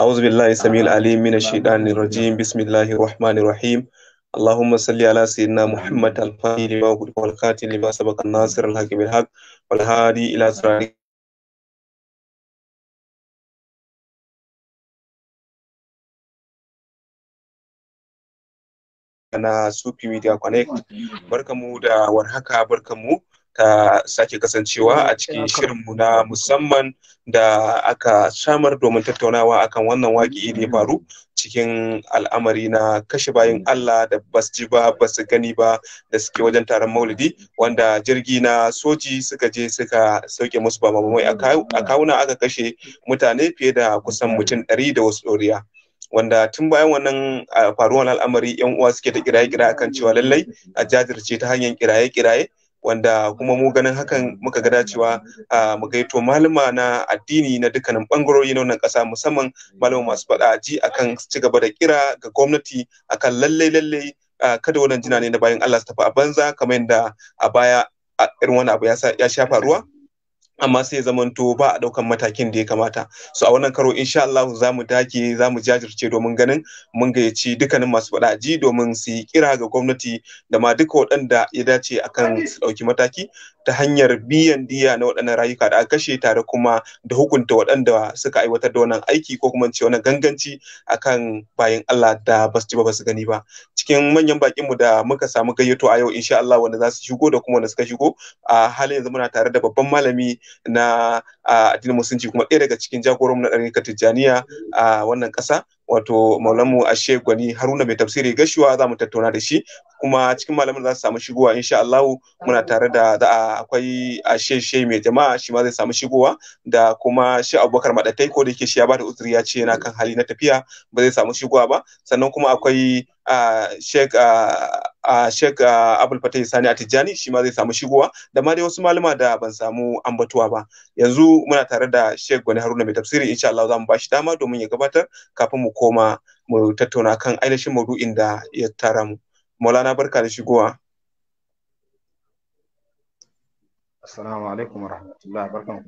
أعوذ بالله السميع آه. العليم من الشيطان آه. الرجيم بسم الله الرحمن الرحيم اللهم صل على سيدنا محمد الفاضل لما أغلق والقاتل لما سبق الناصر الحق بالحق والهادي إلى صراط na Sufi Media Connect barkamu da warhaka barkamu ta sake kasancewa a cikin shirinmu na musamman da aka samar domin tattaunawa akan wannan waƙi da ya faru cikin al'amari na kashe bayan Allah da bas ji ba basu gani ba da suke wajen taron maulidi wanda jirgi na soji suka je suka sauke musu ba mamamai a kawuna aka kashe mutane fiye da kusan mutum ɗari da wasu ɗoriya. wanda tun bayan wannan faruwar al'amari yan uwa suke da kiraye-kiraye akan cewa lallai a jajirce ta hanyar kiraye-kiraye wanda kuma mu ganin hakan muka ga dacewa mu gaito malama na addini na dukkanin bangarori na wannan ƙasa musamman malama masu faɗa ji akan ci gaba da kira ga gwamnati akan lallai lallai kada wannan jina ne na bayan Allah su tafi a banza kamar yadda a baya irin wani abu ya sha faruwa amma sai zamanto ba a daukan matakin da ya kamata so a wannan karo insha Allah za mu dake za mu jajirce domin ganin mun gayyaci dukkanin masu faɗa ji domin su yi kira ga gwamnati da ma duka waɗanda ya dace akan su ɗauki mataki ta hanyar biyan diya na waɗannan rayuka da aka kashe tare kuma da hukunta waɗanda suka aiwatar da wannan aiki ko kuma ce wannan ganganci akan bayan Allah da ba su ba su gani ba cikin manyan bakin mu da muka samu gayyato a yau insha Allah wanda za su shigo da kuma wanda suka shigo a halin yanzu muna tare da babban malami na addinin musulunci kuma ɗaya daga cikin jagoran na ɗarin Tijjaniya a wannan ƙasa wato maulamu ashe gwani haruna mai tafsiri gashiwa za mu tattauna da shi kuma cikin malamin za su samu shigowa insha Allah muna tare da da akwai ashe she mai jama'a shi ma zai samu shigowa da kuma shi abubakar madatai ko da yake shi ya bada uzuri ya ce yana kan hali na tafiya ba zai samu shigowa ba sannan kuma akwai ah, shek ah, a Sheikh Abul Fatai Sani a Tijjani shi ma zai samu shigowa da ma dai wasu malama da ban samu ambatuwa ba. Yanzu muna tare da Sheikh Gwani Haruna mai tafsiri insha Allah za mu bashi dama domin ya gabatar kafin mu koma mu tattauna kan ainihin maudu'in da ya tara mu. Maulana barka da shigowa. Assalamu alaikum wa rahmatullahi barkan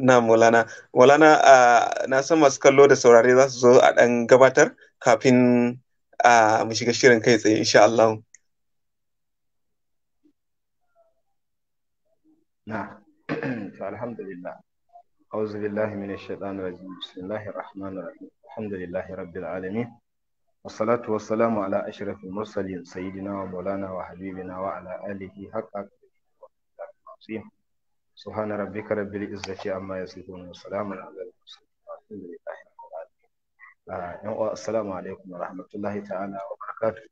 Na Maulana, Maulana na san masu kallo da saurare za su zo a ɗan gabatar kafin Aa mu shiga shirin kai tsaye insha Allah. Na, alhamdulillah, auzu billahi min shaɗan rajim, bismillahir rahmanir ala ashirafi mursalin sayidina wa maulana wa habibina wa ala alihi haka سبحان ربك رب العزة عما يصفون Ah, yan uwa assalamu alaikum rahmatullahi ta'ala wa barakatu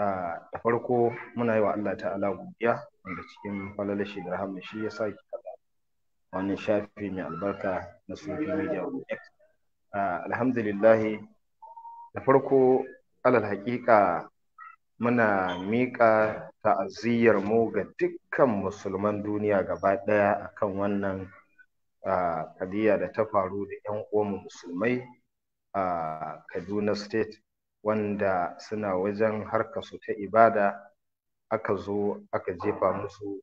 ah, da farko muna yi wa Allah ta'ala godiya wanda cikin falalar shi da rahama shi ya sa ki wannan shafi mai albarka na sufi media ah, alhamdulillah da farko alal haƙiƙa muna miƙa ta'aziyyar mu ga dukkan musulman duniya gaba ɗaya akan wannan kadiya da ta faru da 'yan uwan musulmai a kaduna state wanda suna wajen harkarsu ta ibada aka zo aka jefa musu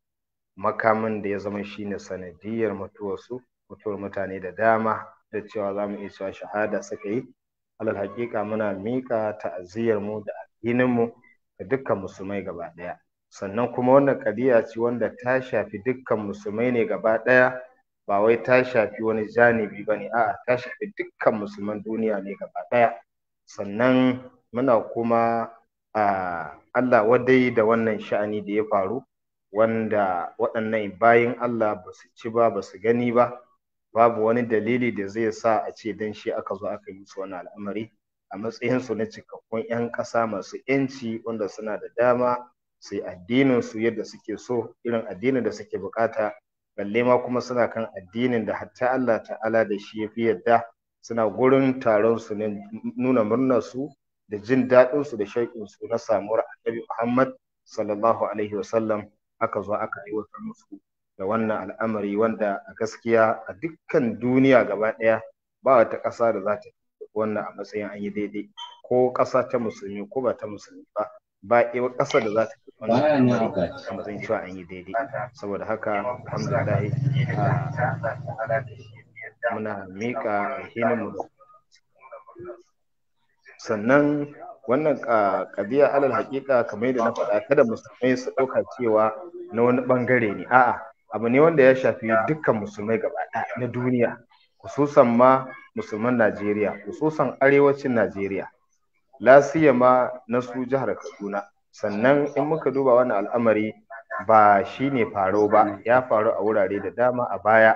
makamin da ya zama shine sanadiyar mutuwarsu mutuwar mutane da dama da cewa za mu iya cewa shahada suka yi alal haƙiƙa muna miƙa ta'aziyyar mu da addinin mu ga dukkan musulmai gaba ɗaya sannan kuma wannan ƙadiya ce wanda ta shafi dukkan musulmai ne gaba ɗaya ba wai ta shafi wani janibi ba ne a'a ta shafi dukkan musulman duniya ne gaba ɗaya sannan muna kuma Allah wadai da wannan sha'ani da ya faru wanda waɗannan bayin Allah ba su ci ba ba su gani ba babu wani dalili da zai sa a ce dan shi aka zo aka yi su wani al'amari a matsayinsu na cikakkun 'yan ƙasa masu 'yanci wanda suna da dama su yi su yadda suke so irin addinin da suke buƙata. balle ma kuma suna kan addinin da hatta Allah ta'ala da shi ya fi yadda suna gurin taron su ne nuna murnar su da jin daɗin su da shauƙin su na samuwar annabi Muhammad sallallahu alaihi wa sallam. aka zo aka aiwatar musu da wannan al'amari wanda a gaskiya a dukkan duniya gaba ɗaya ba wata ƙasa da za ta wannan a matsayin an yi daidai ko ƙasa ta musulmi ko ba ta musulmi ba ba iwa ƙasa da za ta wannan a matsayin cewa an yi daidai saboda haka alhamdulillah ah, muna miƙa hininmu sannan wannan ah, ƙabiya alal haƙiƙa kamar yadda na faɗa kada musulmai su ɗauka cewa na wani ɓangare ne a'a abu ne wanda ya shafi dukkan musulmai gaba na duniya khususan ma musulman najeriya khususan arewacin najeriya la siyama na su jihar Kaduna sannan in muka duba wannan al'amari ba shi ne faro ba ya faru a wurare da dama a baya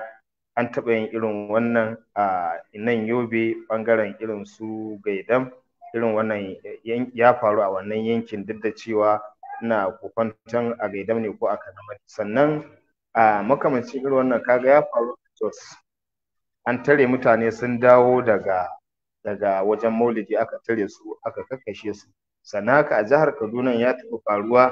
an taɓa yin irin wannan a nan yobe ɓangaren irin su gaidam irin wannan ya faru a wannan yankin duk da cewa ina kokwanton a gaidam ne ko a kanamari sannan a makamancin irin wannan kaga ya faru a jos an tare mutane sun dawo daga daga wajen maulidi aka tare su aka kakkashe su sannan haka a jihar kaduna ya taɓa faruwa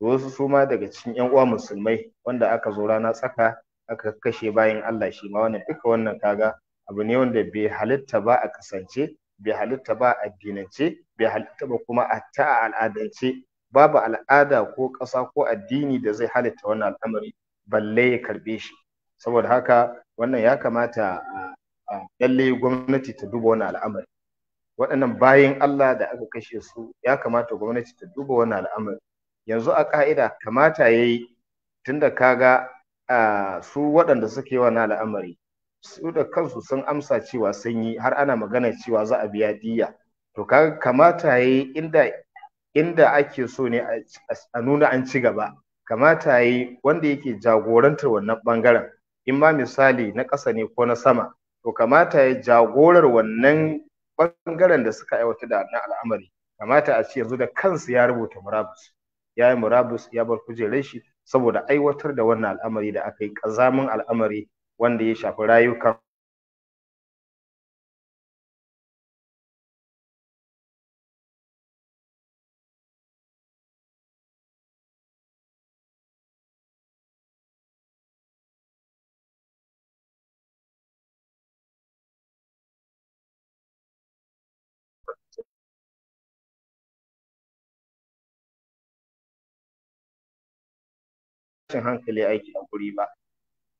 da wasu suma daga cikin yan uwa musulmai wanda aka zo rana tsaka aka kakkashe bayan allah shi ma wannan duka wannan kaga abu ne wanda bai halitta ba a kasance bai halitta ba a addinance bai halitta ba kuma a ta a al'adance babu al'ada ko ƙasa ko addini da zai halitta wannan al'amari balle ya karɓe shi saboda haka wannan ya kamata lalle gwamnati ta duba wani al'amari waɗannan bayan Allah da aka kashe su ya kamata gwamnati ta duba wani al'amari yanzu a ƙa'ida kamata ya yi tun da ka ga su waɗanda suke wani al'amari su da kansu sun amsa cewa sun yi har ana magana cewa za a biya diya to kaga kamata ya yi inda inda ake so ne a nuna an ci gaba kamata ya yi wanda yake jagorantar wannan bangaren in ma misali na ƙasa ne ko na sama to kamata ya jagorar wannan bangaren da suka aiwatar da wannan al'amari kamata a ce yanzu da kansu ya rubuta murabus ya yi murabus ya bar kujerar shi saboda aiwatar da wannan al'amari da aka yi ƙazamin al'amari wanda ya shafi rayukan tashin hankali aiki a guri ba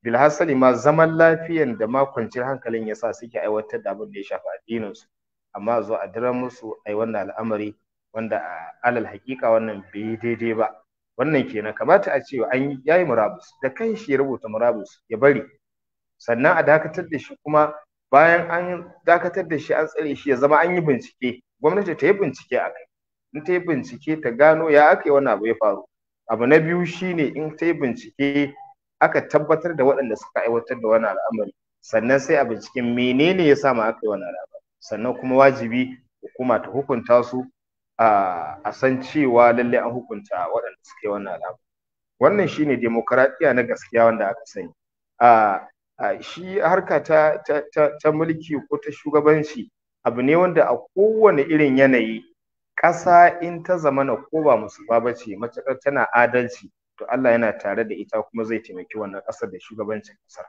bilhassali ma zaman lafiyan da ma kwanciyar hankalin sa suke aiwatar da abin da ya shafi addinin su amma zo a dira musu ai wannan al'amari wanda a alal hakika wannan bai daidai ba wannan kenan kamata a ce an yayi murabus da kan shi rubuta murabus ya bari sannan a dakatar da shi kuma bayan an dakatar da shi an tsare shi ya zama an yi bincike gwamnati ta yi bincike a kai in ta yi bincike ta gano ya aka yi wannan abu ya faru abu na biyu shine in sai bincike aka tabbatar da waɗanda suka aiwatar da wani al'amari sannan sai a binciken menene ya ma aka yi wani al'amari sannan kuma wajibi hukuma ta hukunta su a san cewa lalle an hukunta waɗanda suka yi wannan al'amari wannan shine demokaradiyya na gaskiya wanda aka sani a shi harka ta ta mulki ko ta shugabanci abu ne wanda a kowane irin yanayi ƙasa in ta zamana ko ba musulma ba ce matuƙar tana adalci to Allah yana tare da ita kuma zai taimaki wannan ƙasar da shugabancin ƙasar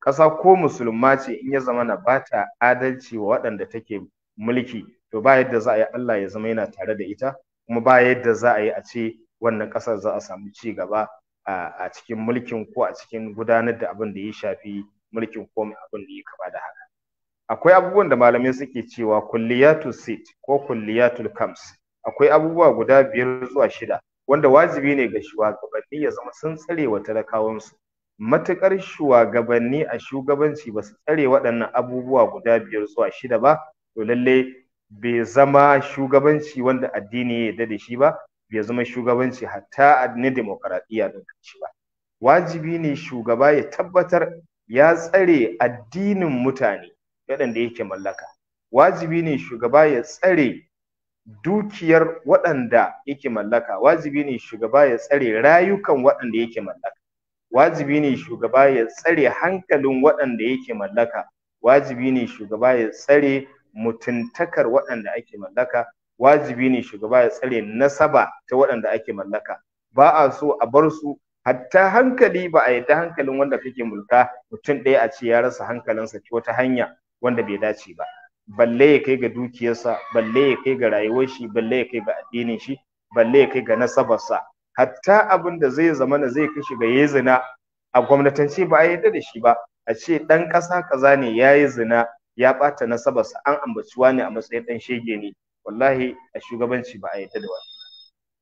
ƙasa ko musulma ce in ya zamana ba ta adalci wa waɗanda take mulki to ba yadda za a yi Allah ya zama yana tare da ita kuma ba yadda za a yi a ce wannan ƙasar za a samu ci gaba a cikin mulkin ko a cikin gudanar da abin da ya shafi mulkin ko abin da ya kaba da haka akwai abubuwan da malamai suke cewa kulliyatu sit ko kulliyatul kams akwai abubuwa guda biyar zuwa shida wanda wajibi ne ga shugabanni ya zama sun tsare wa talakawansu matuƙar shugabanni a shugabanci ba su tsare waɗannan abubuwa guda biyar zuwa shida ba to lalle bai zama shugabanci wanda addini ya yarda da shi ba bai zama shugabanci hatta na demokaradiyya da shi ba wajibi ne shugaba ya tabbatar ya tsare addinin mutane waɗanda yake mallaka wajibi ne shugaba ya tsare dukiyar waɗanda yake mallaka wajibi ne shugaba ya tsare rayukan waɗanda yake mallaka wajibi ne shugaba ya tsare hankalin waɗanda yake mallaka wajibi ne shugaba ya tsare mutuntakar waɗanda ake mallaka wajibi ne shugaba ya tsare nasaba ta waɗanda ake mallaka ba a so a bar su hatta hankali ba a yi ta hankalin wanda kake mulka mutum ɗaya a ce ya rasa hankalinsa ta wata hanya wanda bai dace ba balle ya kai ga dukiyarsa balle ya kai ga rayuwar shi balle ya kai ga addinin shi balle ya kai ga nasabarsa hatta abin da zai zama na zai kashi ga yayi zina a gwamnatance ba a yarda da shi ba a ce dan ƙasa kaza ne yayi zina ya ɓata nasabarsa an ambaci ne a matsayin dan shege ne wallahi a shugabanci ba a yarda da wani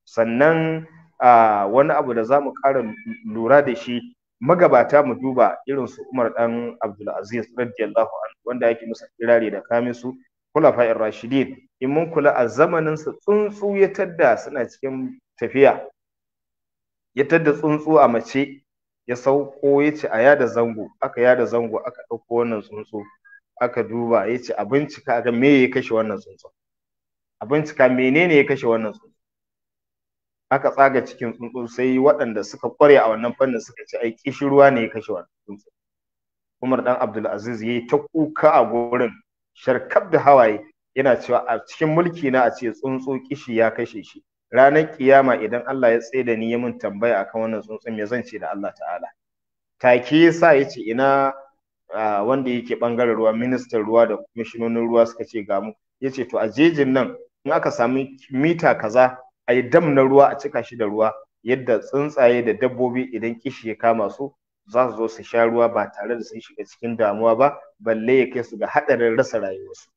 sannan ah, wani abu da zamu mu ƙara lura da shi magabata mu duba irin su Umar dan Abdul Aziz radiyallahu anhu wanda yake musu kirare da kamisu su khulafa'ir rashidin in mun kula a zamanin su tsuntsu ya tadda suna cikin tafiya ya tadda tsuntsu a mace ya sauko ya ce a yada zango aka yada zango aka ɗauko wannan tsuntsu aka duba ya ce a bincika aka ga me ya kashe wannan tsuntsu a bincika menene ya kashe wannan tsuntsu aka tsaga cikin tsuntsu sai waɗanda suka kware a wannan fannin suka ce ai ruwa ne ya kashe wannan tsuntsu Umar dan Abdul Aziz yayi ta kuka a gurin sharkab da hawaye yana cewa a cikin mulki na a ce tsuntsu kishi ya kashe shi ranar kiyama idan Allah ya tsaye da ni ya min tambaya akan wannan tsuntsun me zan ce da Allah ta'ala take sa yace ina wanda yake bangaren ruwa ministan ruwa da kwamishinonin ruwa suka ce ga mu yace to a jejin nan in aka sami mita kaza a yi dam na ruwa a cika shi da ruwa yadda tsuntsaye da dabbobi idan kishi ya kama su za su zo su sha ruwa ba tare da sun shiga cikin damuwa ba balle ya kai su ga haɗarin rasa rayuwarsu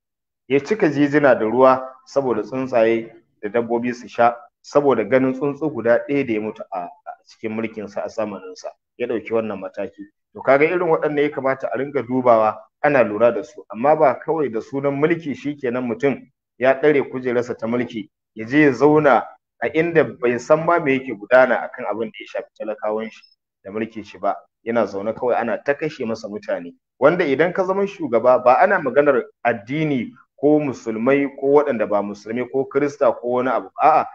ya cika jijina da ruwa saboda tsuntsaye da dabbobi su sha saboda ganin tsuntsu guda ɗaya da ya mutu a cikin mulkin sa a sa, ya ɗauki wannan mataki to kaga irin waɗannan ya kamata a ringa dubawa ana lura da su amma ba kawai da sunan mulki shikenan mutum ya ɗare kujerarsa ta mulki ya je ya zauna a inda bai san ma me yake gudana akan abin da ya shafi talakawan shi da mulkin shi ba yana zaune kawai ana ta kashe masa mutane wanda idan ka zama shugaba ba ana maganar addini ko musulmai ko waɗanda ba musulmai ko krista ko wani abu a'a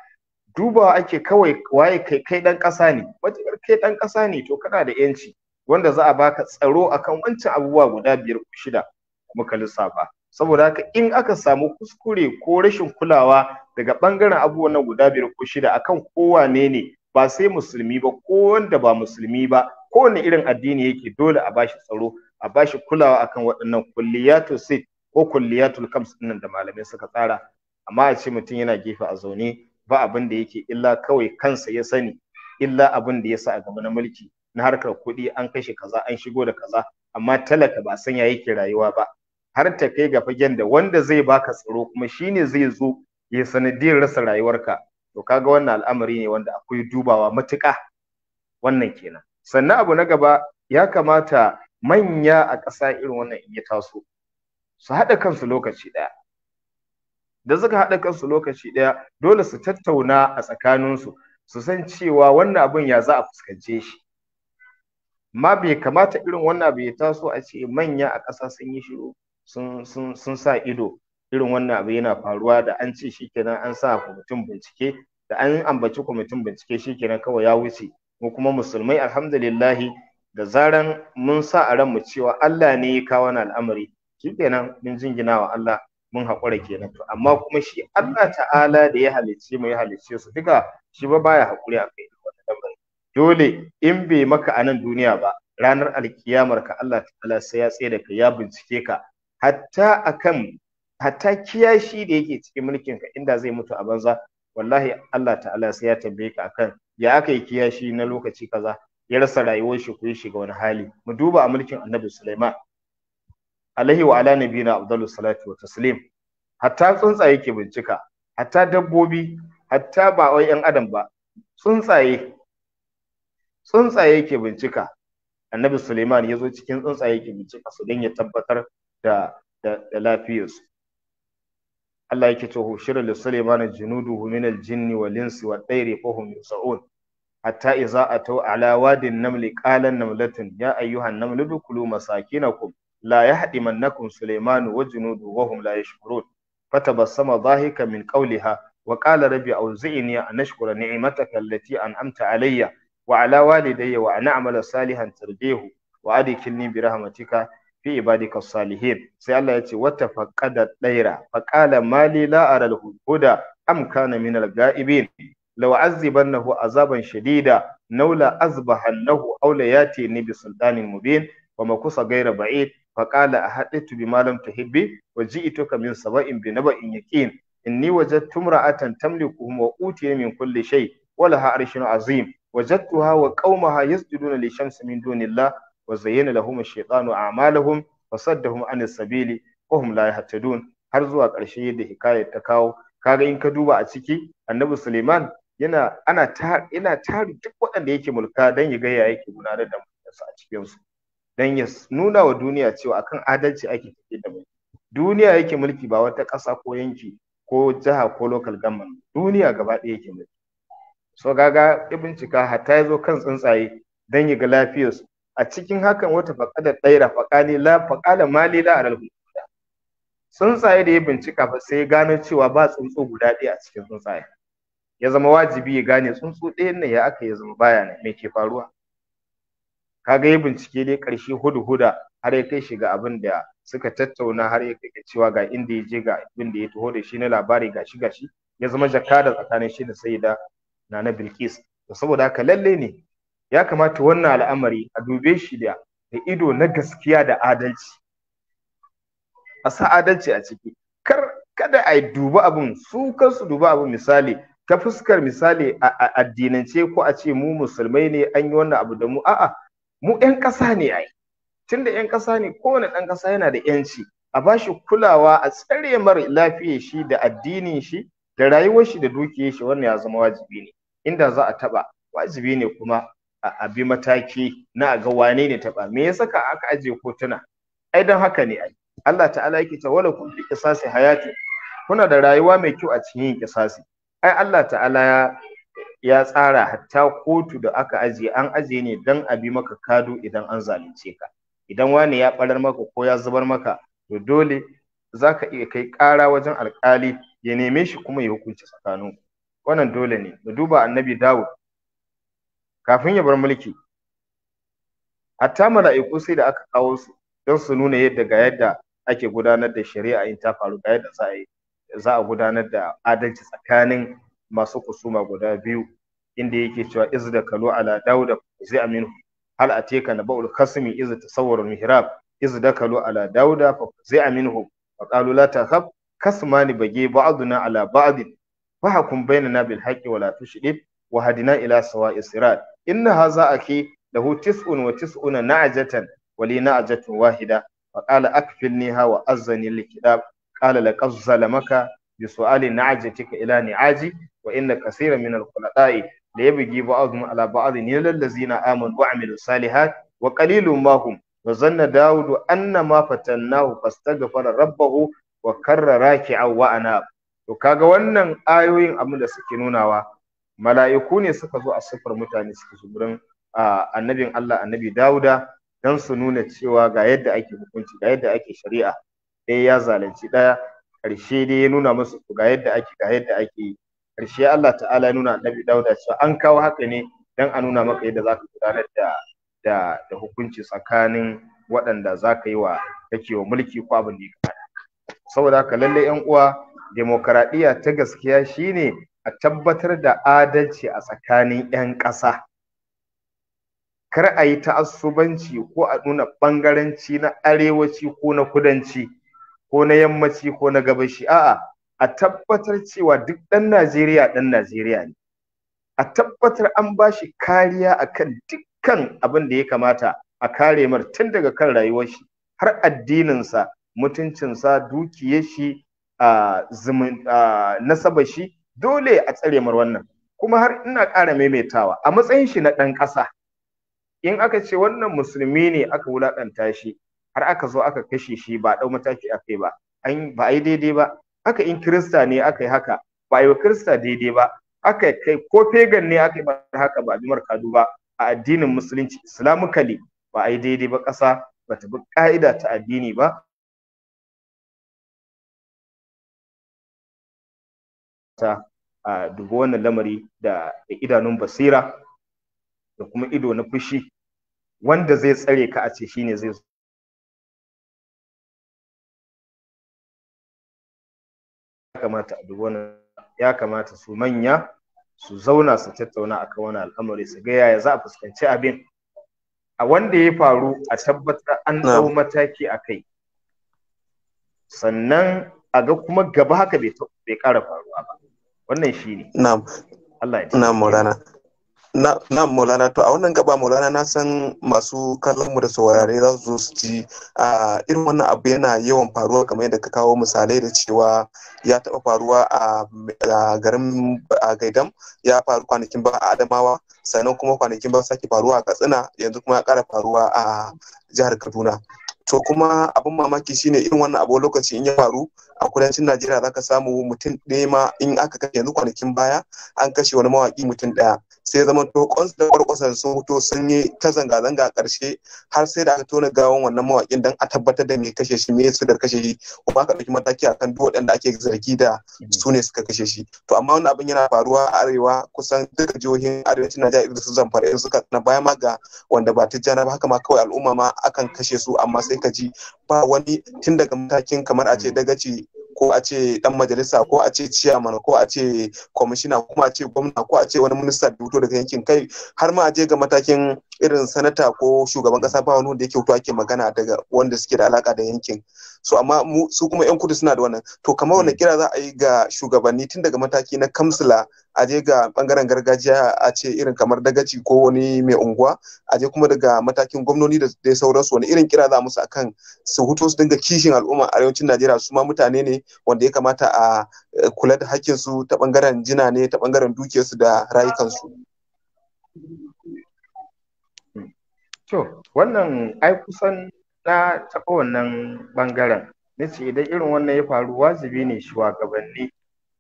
dubawa ake kawai waye kai kai dan kasa ne matuƙar kai dan ƙasa ne to kana da yanci wanda za a baka tsaro akan wancan abubuwa guda biyar ko shida kuma ka lissafa saboda haka in aka samu kuskure ko rashin kulawa daga ɓangaren abubuwan nan guda biyar ko shida akan kowane ne ba sai musulmi ba ko wanda ba musulmi ba kowane irin addini yake dole a bashi tsaro a bashi kulawa akan waɗannan kulliyatul sit ko kulliyatul kams nan da malamai suka tsara amma a ce mutum yana gefe a zaune ba abin da yake illa kawai kansa ya sani illa abin da ya sa a gaba na mulki na harkar kuɗi an kashe kaza an shigo da kaza amma talaka ba san ya yake rayuwa ba har ta kai ga fagen da wanda zai baka tsaro kuma shine zai zo ya sanadiyar rasa rayuwarka to kaga wannan al'amari ne wanda akwai dubawa matuƙa wannan kenan sannan abu na gaba ya kamata manya a ƙasa irin wannan in ya taso su haɗa kansu lokaci ɗaya da suka haɗa kansu lokaci ɗaya dole su tattauna a tsakaninsu su san cewa wannan abin ya za a fuskance shi ma bai kamata irin wannan abu ya taso a ce manya a ƙasa sun yi shiru sun sa ido irin wannan abu yana faruwa da an ce shi kenan an sa kwamitin bincike da an ambaci kwamitin bincike shi shikenan kawai ya wuce mu kuma musulmai alhamdulillahi da zaran mun sa a ranmu cewa Allah ne ya kawo wannan al'amari kenan mun jingina wa Allah mun haƙura kenan to amma kuma shi Allah ta'ala da ya halicce mu ya halicce su duka shi ba baya haƙuri a kai dole in bai maka a nan duniya ba ranar alkiyamar ka Allah ta'ala sai ya tsaye da ka ya bincike ka hatta akan hatta kiyashi da yake cikin mulkin ka inda zai mutu a banza wallahi Allah ta'ala sai ya tambaye ka akan ya aka yi kiyashi na lokaci kaza ya rasa rayuwar shi ko ya shiga wani hali mu duba a mulkin Annabi Sulaiman alaihi wa ala nabiyina afdalus salatu wa taslim hatta tsuntsaye ke bincika hatta dabbobi hatta ba wai yan adam ba tsuntsaye tsuntsaye ke bincika annabi suleiman ya zo cikin tsuntsaye ke bincika su dan ya tabbatar da da lafiyarsu Allah yake to hushira li sulaymana junuduhu min al-jinni wal insi wa tayri fahum yus'un hatta idza ataw ala wadin namli qala namlatun ya ayyuhan namlu dukulu masakinakum la yahdimannakum sulaymanu wa junuduhu wa hum la yashkurun fatabassama dhahika min qawliha wa qala rabbi awzi'ni an ashkura ni'mataka allati an'amta alayya wa ala walidayya wa an a'mala salihan tardihu wa adkhilni bi rahmatika fi ibadika salihin sai Allah ya ce wata faqada daira faqala mali la ara huda am kana min al law azibannahu azaban shadida naula azbahannahu aw la yati ni bi sultanin mubin wa ma kusa gaira ba'id faqala ahadtu bima lam tuhibbi wa ji'tuka min saba'in bi naba'in yaqin inni wajadtu imra'atan tamlikuhum wa utiya min kulli shay wa laha arshun azim wajadtuha wa qaumaha yasjuduna li shamsi min dunillah wa zayyana lahum ash-shaytanu a'malahum wa saddahum an as-sabili wa hum la yahtadun har zuwa ƙarshe yadda hikayar ta kawo kaga in ka duba a ciki annabi Suleiman yana ana ta yana tari duk waɗanda yake mulka dan ya ga ya yake gudanar da mulkinsa a cikin su dan ya nuna wa duniya cewa akan adalci ake tafi da mulki duniya yake mulki ba wata ƙasa ko yanki ko jiha ko local government duniya gaba ɗaya yake mulki so gaga ya bincika hatta ya zo kan tsuntsaye dan ya ga lafiyarsu a cikin hakan wata faƙada ɗaira faƙali la faƙala mali la alal guda tsuntsaye da ya bincika ba sai gano cewa ba tsuntsu guda ɗaya a cikin tsuntsaye ya zama wajibi ya gane tsuntsu ɗayan ne ya aka ya zama baya ne me ke faruwa kaga ya bincike dai ƙarshe hudu huda har ya kai shi ga abin da suka tattauna har ya kai ga cewa ga inda ya je ga abin da ya taho da shi na labari gashi gashi ya zama jakada tsakanin shi da sayyida na na saboda haka lalle ne ya kamata wannan al'amari a dube shi da da ido na gaskiya da adalci a sa adalci a ciki kar kada a duba abun su kansu duba abun misali ta fuskar misali a addinance ko a ce mu musulmai ne an yi wannan abu da mu a'a mu 'yan ƙasa ne ai tunda 'yan ƙasa ne kowane ɗan ƙasa yana da 'yanci a bashi kulawa a tsare mara lafiyar shi da addinin shi da rayuwar shi da dukiyar shi wannan ya zama wajibi ne inda za a taɓa wajibi ne kuma a bi mataki na ga wane ne taɓa me ya saka aka aje kotuna ai don haka ne ai Allah ta'ala yake cewa wala kun fi kisasi hayati kuna da rayuwa mai kyau a cikin yin kisasi ai Allah ta'ala ya ya tsara hatta kotu da aka ajiye an ajiye ne dan a bi maka kado idan an zalunce ka idan wani ya barar maka ko ya zubar maka to dole za iya kai kara wajen alkali ya neme shi kuma ya hukunci tsakanin wannan dole ne mu duba annabi dawud kafin ya bar mulki hatta mala'iku sai da aka kawo su don su nuna yadda ga yadda ake gudanar da shari'a in ta faru ga yadda za a za a gudanar da adalci tsakanin masu kusuma guda biyu inda yake cewa iz da kalu ala da zai aminu hal ateka na ba'ul kasmi iz tasawwarul mihrab iz da kalu ala dauda fa zai aminu fa qalu la takhaf kasmani bage ba'duna ala ba'd fa hakum bainana bil haqqi wa la wa hadina ila sawa'i sirat inna haza aki lahu tis'un wa tis'una na'jatan wa li na'jatun wahida fa qala akfilniha wa azzani likidab qala laqad zalamaka bi su'ali na'jatika ila ni'aji wa inna kaseeran min al-khulata'i la yabghi ba'dhum ala ba'dhin illa allazina amanu wa 'amilus salihat wa qalilun ma hum wa zanna dawudu anna ma fatannahu fastaghfara rabbahu wa karra raki'a wa ana to kaga wannan ayoyin abin da suke nunawa mala'iku ne suka zo a siffar mutane suka zo gurin annabin Allah annabi dauda don su nuna cewa ga yadda ake hukunci ga yadda ake shari'a Sai ya zalunci ɗaya karshe dai ya nuna musu ga yadda ake ga yadda ake yi Allah ta'ala ya nuna annabi Dawuda cewa an kawo haka ne dan a nuna maka yadda za gudanar da da da hukunci tsakanin waɗanda za ka yi wa kake wa mulki ko abin da ya saboda haka lallai 'yan uwa demokaradiyya ta gaskiya shine a tabbatar da adalci a tsakanin 'yan ƙasa kar a yi ta'assubanci ko a nuna ɓangaranci na arewaci ko na kudanci ko na yammaci ko na gabashi a'a a tabbatar cewa duk ɗan najeriya ɗan najeriya ne a tabbatar an ba shi kariya akan dukkan abin da ya kamata a kare mar tun daga kan rayuwar shi har addininsa mutuncinsa dukiyar shi nasabar shi dole a tsare mar wannan kuma har ina ƙara maimaitawa a matsayin shi na ɗan ƙasa in aka ce wannan musulmi ne aka wulaƙanta shi har aka zo aka kashe shi ba ɗau mataki a kai ba an ba a yi daidai ba haka in kirista ne aka yi haka ba a yi kirista daidai ba aka kai ko pagan ne aka yi ba haka ba bi markadu ba a addinin musulunci islamically ba a yi daidai ba ƙasa ba ta bi ƙa'ida ta addini ba ta dubi wannan lamari da idanun basira da kuma ido na fushi wanda zai tsare ka a ce shine zai kamata a wannan ya kamata su manya su zauna su tattauna a kan wani al'amari su ga yaya za a fuskanci abin a wanda ya faru a tabbatar an dau mataki a kai sannan a ga kuma gaba haka bai kara faruwa ba wannan shi ne Allah na maulana to a wannan gaba maulana na san masu kallonmu da saurare za su zo su ji a irin wannan abu yana yawan faruwa kamar yadda ka kawo misalai da cewa ya taɓa faruwa a garin gaidam ya faru kwanakin ba a adamawa sannan kuma kwanakin ba sake faruwa a katsina yanzu kuma ya ƙara faruwa a jihar kaduna to kuma abin mamaki shine irin wannan abu lokaci in ya faru a kudancin najeriya zaka samu mutum ɗaya ma in aka kashe yanzu kwanakin baya an kashe wani mawaki mutum ɗaya sai zama to kwansu da kwarkwasan sun fito sun yi ta zanga-zanga ƙarshe har sai da aka tona gawan wannan mawaƙin don a tabbatar da me kashe shi me su da kashe shi kuma aka ɗauki mataki akan duk waɗanda ake zargi da su ne suka kashe shi to amma wannan abin yana faruwa a arewa kusan duka jihohin arewacin Najeriya irin su Zamfara irin suka na baya ma ga wanda ba tijjana ba haka ma kawai al'umma ma akan kashe su amma sai ka ji ba wani tun daga matakin kamar a ce mm. dagaci ko a ce ɗan majalisa ko a ce ciyamana ko a ce kwamishina ko a ce gwamna ko a ce wani minista da fito daga yankin kai har ma a je ga matakin irin sanata ko shugaban hmm. kasa ba wani wanda yake hutu ake magana daga wanda suke da alaka da yankin so amma su kuma yan kudu suna da wannan to kamar wani hmm. kira za a yi ga shugabanni tun daga mataki na kamsila a je ga bangaren gargajiya a ce irin kamar dagaci ko wani mai unguwa a je kuma daga matakin gwamnoni da dai sauransu wani irin kira za musu akan su hutu su dinga kishin al'umma arewacin najeriya su ma mutane ne wanda ya kamata a eh, kula da hakkinsu ta bangaren jina ne ta bangaren dukiyarsu da rayukansu To, wannan ai kusan na taɓa wannan ɓangaren. Na ce idan irin wannan ya faru wajibi ne shugabanni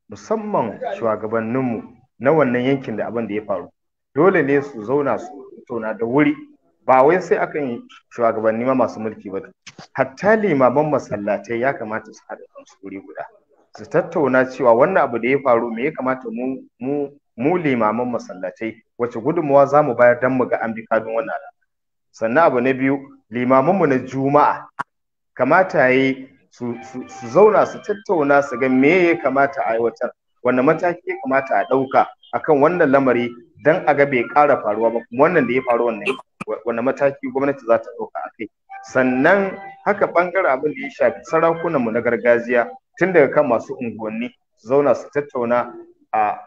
musamman shugabanninmu na wannan yankin da abin da ya faru. Dole ne su zauna su tona da wuri ba wai sai akan shugabanni ma masu mulki ba hatta limaman masallatai ya kamata su haɗa kansu wuri guda su tattauna cewa wannan abu da ya faru me ya kamata mu mu mu limaman masallatai wace gudunmawa za mu bayar don mu ga an bi kadun wannan sannan abu na biyu limamanmu na juma'a kamata ya yi su zauna su tattauna su ga me ya kamata a aiwatar wanda mataki ya kamata a ɗauka akan wannan lamari don a ga bai ƙara faruwa ba kuma wannan da ya faru wannan wanda mataki gwamnati za ta ɗauka a kai sannan haka ɓangaren abin da ya shafi sarakunanmu na gargajiya tun daga kan masu unguwanni su zauna su tattauna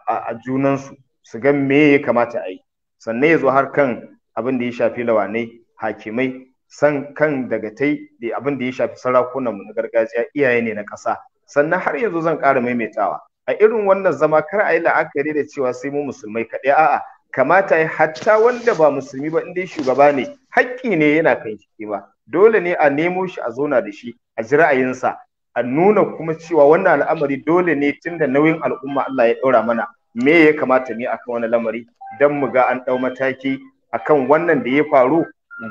a junansu su ga me ya kamata a yi sannan ya zo har kan abin da ya shafi lawanai hakimai san kan daga tai da abin da ya shafi mu na gargajiya iyaye ne na ƙasa sannan har yanzu zan ƙara maimaitawa a irin wannan zama kar a yi la'akari da cewa sai mu musulmai kaɗai a'a kamata ya hatta wanda ba musulmi ba inda shugaba ne haƙƙi ne yana kan shi ba dole ne a nemo shi a zauna da shi a ji ra'ayinsa a nuna kuma cewa wannan al'amari dole ne tunda nauyin al'umma Allah ya ɗora mana me ya kamata mu yi akan wani lamari dan mu ga an ɗau mataki akan wannan da ya faru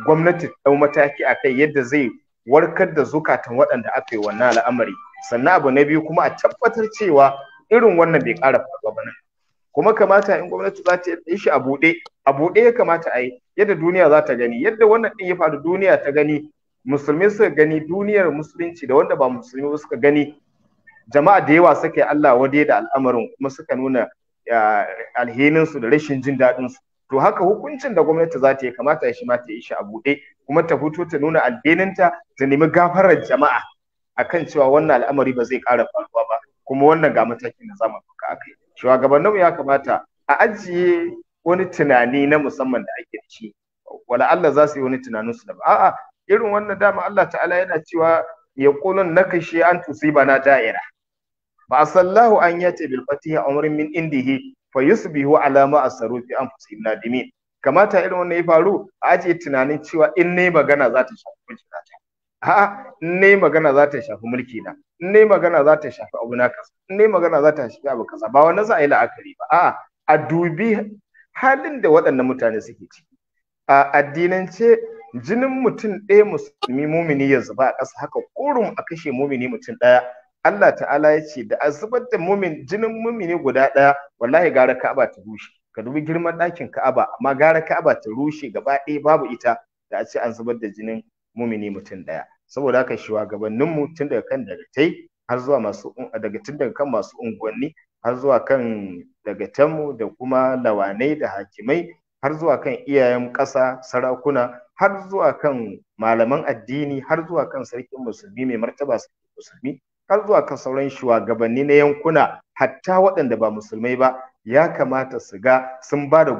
gwamnati ta dau mataki akai yadda zai warkar da zukatan waɗanda aka yi wannan al'amari sannan abu na biyu kuma a tabbatar cewa irin wannan bai ƙara faruwa ba kuma kamata in gwamnati za ta yi shi a buɗe a buɗe ya kamata a yi yadda duniya za ta gani yadda wannan ɗin ya faru duniya ta gani musulmi suka gani duniyar musulunci da wanda ba musulmi ba suka gani jama'a da yawa suka yi Allah wadai da al'amarin kuma suka nuna eh, alhininsu da rashin jin daɗinsu to haka hukuncin da gwamnati za ta yi kamata shi ma ta yi shi a buɗe kuma ta fito ta nuna addininta ta nemi gafarar jama'a akan cewa wannan al'amari ba zai ƙara faruwa ba kuma wannan ga matakin da za mu ɗauka akai shugabanninmu ya kamata a ajiye wani tunani na musamman da ake da shi wala Allah za su yi wani tunanin su da ba a'a irin wannan dama Allah ta'ala yana cewa ya na kashe an tusiba na da'ira ba sallahu an yati bil fatihi amrin min indihi fa yusbihu ala ma asaru fi anfusihim nadimin kamata irin wannan ya faru a ajiye tunanin cewa in ne magana za ta shafi mulki na ta a'a in ne magana za ta shafi mulki na in ne magana za ta shafi abu na kaza in ne magana za ta shafi abu kasa ba wannan za a yi la'akari ba a'a a dubi halin da waɗannan mutane suke ciki a addinance jinin mutum ɗaya musulmi mumini ya zuba a ƙasa haka kurum a kashe mumini mutum ɗaya Allah ta'ala ya ce da azubar da mumin jinin mumini guda ɗaya wallahi gara Ka'aba ta rushe ka dubi girman ɗakin Ka'aba amma gara Ka'aba ta rushe gaba ɗaya babu ita da a ce an zubar da jinin mumini mutum ɗaya saboda haka gabanin mu tun daga kan daga tai har zuwa masu daga tun daga kan masu unguwanni har zuwa kan tanmu da kuma lawanai da hakimai har zuwa kan iyayen ƙasa sarakuna har zuwa kan malaman addini har zuwa kan sarkin musulmi mai martaba sarkin musulmi har zuwa kan sauran shugabanni na yankuna hatta waɗanda ba musulmai ba ya kamata su ga sun ba da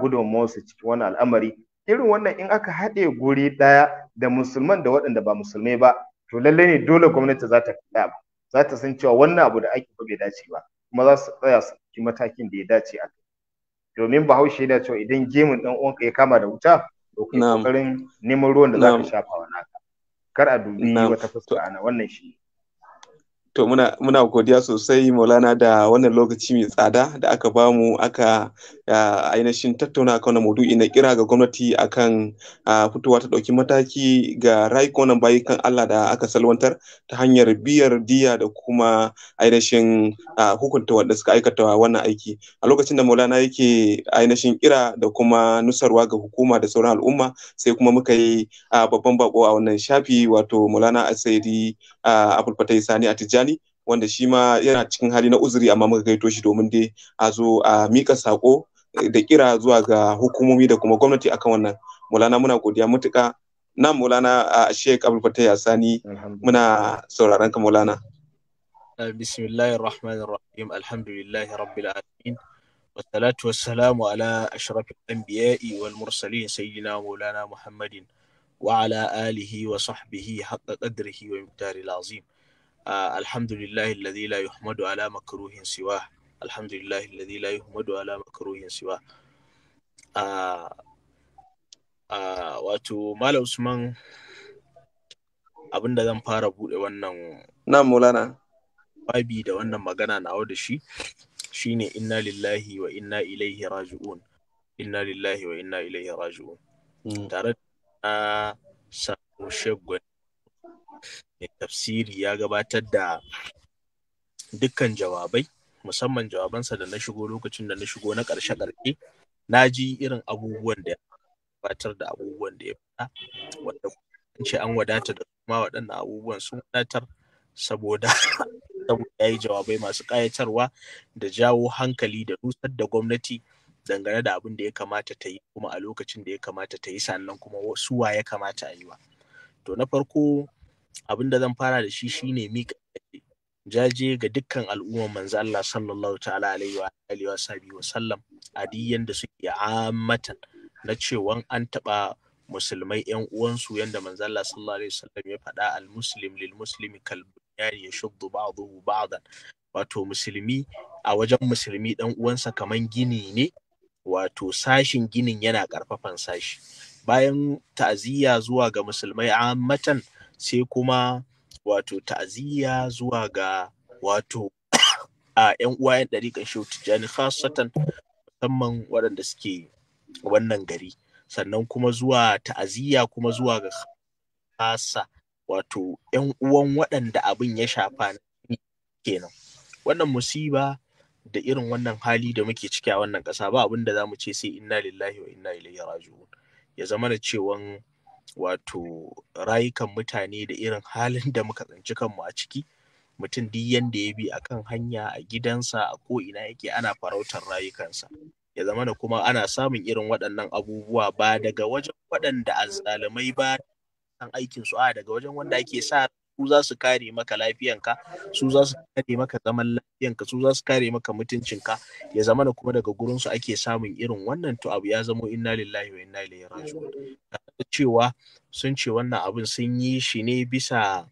su cikin wani al'amari irin wannan in aka haɗe guri ɗaya da musulman da waɗanda ba musulmai ba to lalle ne dole gwamnati za ta kaɗa za ta san cewa wannan abu da ake ba bai dace ba kuma za su tsaya su ɗauki matakin da ya dace a kai domin bahaushe yana cewa idan gemun ɗan uwanka ya kama da wuta to kai ƙoƙarin neman ruwan da za ka shafa wa naka kar a dubi wata fuska ana wannan shi ne. To muna, godiya sosai Maulana da wannan lokaci mai tsada da aka bamu aka ainihin tattauna kan maudu'i na kira ga gwamnati akan fitowa ta ɗauki mataki ga rayuka wannan bayi kan Allah da aka salwantar ta hanyar biyar diya da kuma ainihin hukunta wanda suka aikata wannan aiki. A lokacin da Maulana yake ainihin kira da kuma nusarwa ga hukuma da sauran al'umma sai kuma muka yi babban bako a wannan shafi wato Maulana a Abulfatai Sani a Tijjani wanda shi ma yana cikin hali na uzuri amma muka gaito shi domin dai a zo a mika sako eh, da kira zuwa ga hukumomi da kuma gwamnati akan wannan mulana muna godiya mutuka na mulana a sheik abul ya sani muna sauraron ka mulana ah, bismillahir rahim alhamdulillahi rabbil alamin wassalatu wassalamu ala ashrafil biyayi wal mursalin sayyidina maulana muhammadin wa ala alihi wa sahbihi haqqa qadrihi wa mutari azim alhamdulillahi alladhi la yuhmadu alama karuhin siwa alhamdulillahi alladhi la yuhmadu alama karuhin siwa wato malam usman abinda zan fara bude wannan na mulana babi da wannan magana na da shi shine inna lillahi wa inna ilaihi raju'un. inna lillahi wa inna ilaihi raji'un tare da samu shagwani mai tafsiri ya gabatar da dukkan jawabai musamman jawabansa da na shigo lokacin da na shigo na karshe ƙarshe na ji irin abubuwan da ya gabatar da abubuwan da ya fita wanda ce an wadata da kuma waɗannan abubuwan sun wadatar saboda ya yi jawabai masu ƙayatarwa da jawo hankali da nusar da gwamnati dangane da abin da ya kamata ta yi kuma a lokacin da ya kamata ta yi sannan kuma suwa ya kamata a yi wa to na farko abin da zan fara da shi shine mika jaje ga dukkan al'umman manzo Allah sallallahu ta'ala alaihi wa alihi wa sahbihi wa sallam adiyan da suke ammatan na cewa an taba musulmai yan uwansu yanda manzo Allah sallallahu alaihi sallam ya faɗa al muslim lil muslimi kal bunyani yashuddu ba'dahu ba'dan wato musulmi a wajen musulmi dan uwansa kaman gini ne wato sashin ginin yana karfafan sashi bayan ta'aziyya zuwa ga musulmai Amatan. sai kuma wato ta'aziyya zuwa ga wato a yan uwa yan ɗariƙan shehu tijjani khasatan musamman waɗanda suke wannan gari sannan kuma zuwa ta'aziyya kuma zuwa ga khasa wato yan uwan waɗanda abin ya shafa kenan wannan musiba da irin wannan hali da muke ciki a wannan ƙasa ba abin da za mu ce sai inna lillahi wa inna ilaihi raji'un ya zama da cewan wato rayukan mutane da irin halin da muka tsinci kanmu a ciki mutum duk yanda ya bi a kan hanya a gidansa a ko'ina yake ana farautar rayukansa ya zama da kuma ana samun irin waɗannan abubuwa ba daga wajen waɗanda azzalumai ba san aikinsu. Aa a daga wajen wanda ake sa su za su kare maka lafiyanka su za su kare maka zaman lafiyanka su za su kare maka mutuncinka ya zama da kuma daga gurin su ake samun irin wannan to abu ya zamo inna lillahi wa inna ilaihi raji'un cewa sun ce wannan abin sun yi shi ne bisa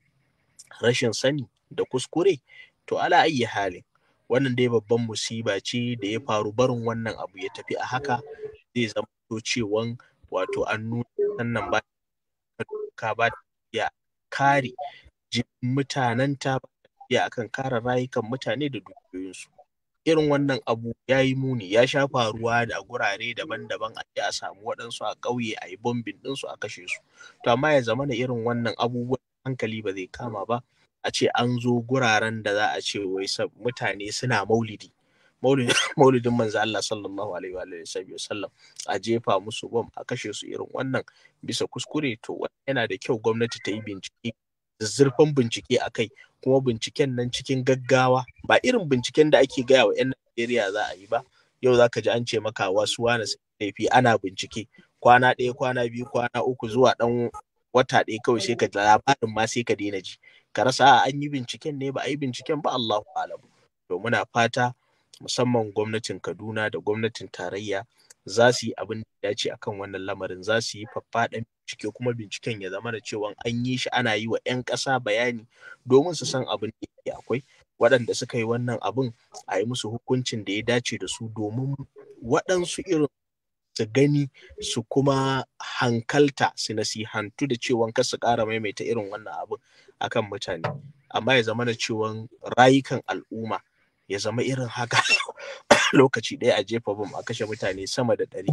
rashin sani da kuskure to ala ayyi halin wannan dai babban musiba ce da ya faru barin wannan abu ya tafi a haka zai zama to cewan wato an sannan ba ka ba ya kare mutanenta ba tafiya akan kare rayukan mutane da dukiyoyinsu irin wannan abu ya yi muni ya sha faruwa da gurare daban-daban a a samu waɗansu a ƙauye a yi bombin ɗinsu a kashe su to amma ya zama na irin wannan abubuwan hankali ba zai kama ba a ce an zo guraren da za a ce wai mutane suna maulidi maulidin manzo Allah sallallahu alaihi wa sallam a jefa musu bom a kashe su irin wannan bisa kuskure to yana da kyau gwamnati ta yi bincike zurfin bincike a kai kuma binciken nan cikin gaggawa ba irin binciken da ake gaya wa 'yan Najeriya za a yi ba yau za ka ji an ce maka wasu wani laifi ana bincike kwana ɗaya kwana biyu kwana uku zuwa ɗan wata ɗaya kawai sai ka labarin ma sai ka daina ji ka rasa an yi binciken ne ba a yi binciken ba Allahu alam to muna fata musamman gwamnatin Kaduna da gwamnatin tarayya za su yi abin da ya ce akan wannan lamarin za su yi faffaɗan bincike kuma binciken ya zama da cewa an yi shi ana yi wa 'yan ƙasa bayani domin su san abin da yake akwai waɗanda suka yi wannan abin a yi musu hukuncin da ya dace da su domin waɗansu irin su gani su kuma hankalta su nasihantu da cewa kar su ƙara maimaita irin wannan abin akan mutane amma ya zama da cewan rayukan al'umma ya zama irin haka lokaci ɗaya a jefa bom a kashe mutane sama da ɗari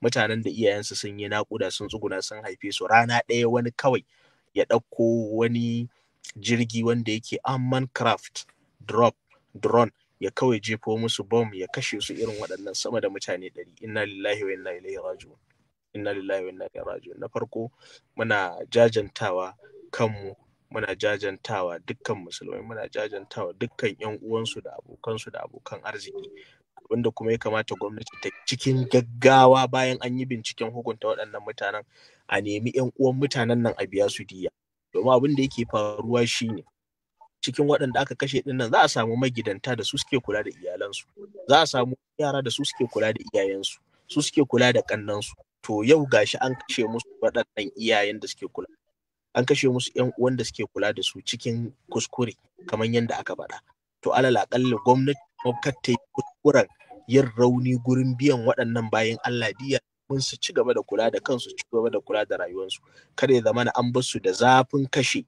mutanen da iyayensu sun yi naƙuda sun tsuguna sun haife su rana ɗaya wani kawai ya ɗauko wani jirgi wanda yake amman craft drop drone ya kawai jefo musu bom ya kashe su irin waɗannan sama da mutane ɗari inna lillahi wa inna ilaihi raji'un inna lillahi wa inna ilaihi raji'un na farko muna jajantawa kanmu muna jajantawa dukkan musulmai muna jajantawa dukkan yan uwansu da abokansu da abokan arziki wanda kuma ya kamata gwamnati ta cikin gaggawa bayan an yi binciken hukunta waɗannan mutanen a nemi yan uwan mutanen nan a biya su diya domin abin da yake faruwa shi ne. cikin waɗanda aka kashe ɗin nan za a samu magidanta da su suke kula da iyalansu za a samu yara da su suke kula da iyayensu su suke kula da kannansu to yau gashi an kashe musu waɗannan iyayen da suke kula an kashe musu yan uwan da suke kula da su cikin kuskure kamar yadda aka faɗa to alal akalla gwamnati ta yi kuskuren yin rauni gurin biyan waɗannan bayan Allah diya mun su ci gaba da kula da kansu ci gaba da kula da rayuwarsu kada ya zama an bar da zafin kashe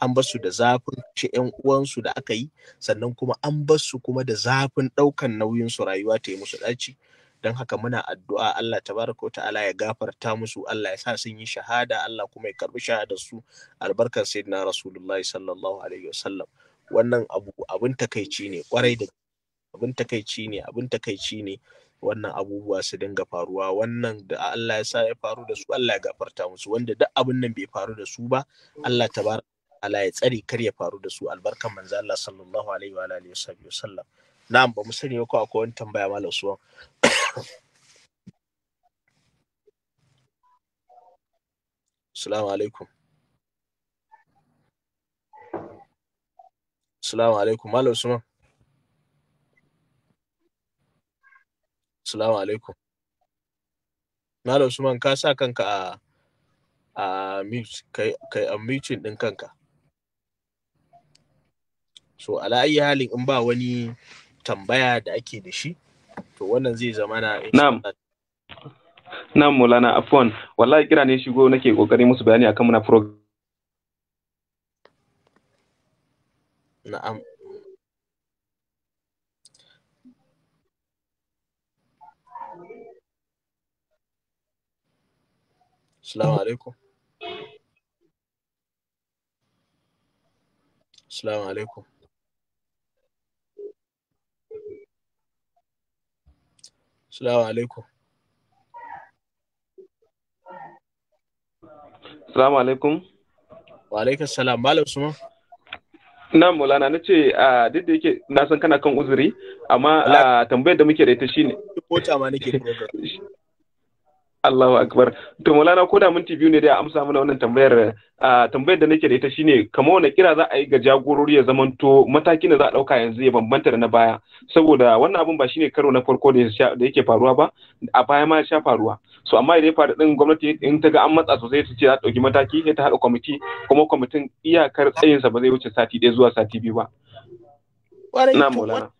an bar da zafin kashe yan uwansu da aka yi sannan kuma an basu kuma da zafin ɗaukan nauyin su rayuwa ta yi musu ɗaci don haka muna addu'a Allah tabaraka wa ta'ala ya gafarta musu Allah ya sa sun yi shahada Allah kuma ya karbi shahadar su albarkar sayyidina rasulullahi sallallahu alaihi wasallam wannan abu abin takaici ne kwarai da abin takaici ne abin takaici ne wannan abubuwa su dinga faruwa wannan da Allah ya sa ya faru da su Allah ya gafarta musu wanda duk abin nan bai faru da su ba Allah tabaraka Allah ya tsare kar ya faru da su albarkan manzo Allah sallallahu alaihi wa alihi wasallam na'am ba mu sani ko akwai wani tambaya malam suwan Assalamu alaikum. Assalamu alaikum. Malam Usman. Assalamu alaikum. Malam Usman ka sa kanka a a mute kai kai mute din kanka. So ala ayi halin in ba wani tambaya da ake da shi to wannan zai zama na eh. na'am na'am mulana afwan wallahi kira ne shigo nake kokari musu bayani akan muna program na'am Assalamu alaikum. Assalamu alaikum. Salamu alaikum. Salamu alaikum. Wa alaikas salam. Malam Suma. Na mulana na ce a ah, duk da yake na san kana kan uzuri amma ah, tambayar da muke da ita shine. Mota ma nake Allahu akbar to Maulana ko da minti biyu ne da amsa mana wannan tambayar tambayar da nake da ita shine kamar wani kira za a yi ga jagorori ya zamanto mataki da za a dauka yanzu ya bambanta da na baya saboda wannan abun ba shine karo na farko da yake faruwa ba a baya ma ya sha faruwa so amma idan ya faru din gwamnati in ta ga an matsa sosai ta ce za ta dauki mataki sai ta haɗa kwamiti kuma kwamitin iyakar tsayinsa ba zai wuce sati ɗaya zuwa sati biyu ba. Na Maulana.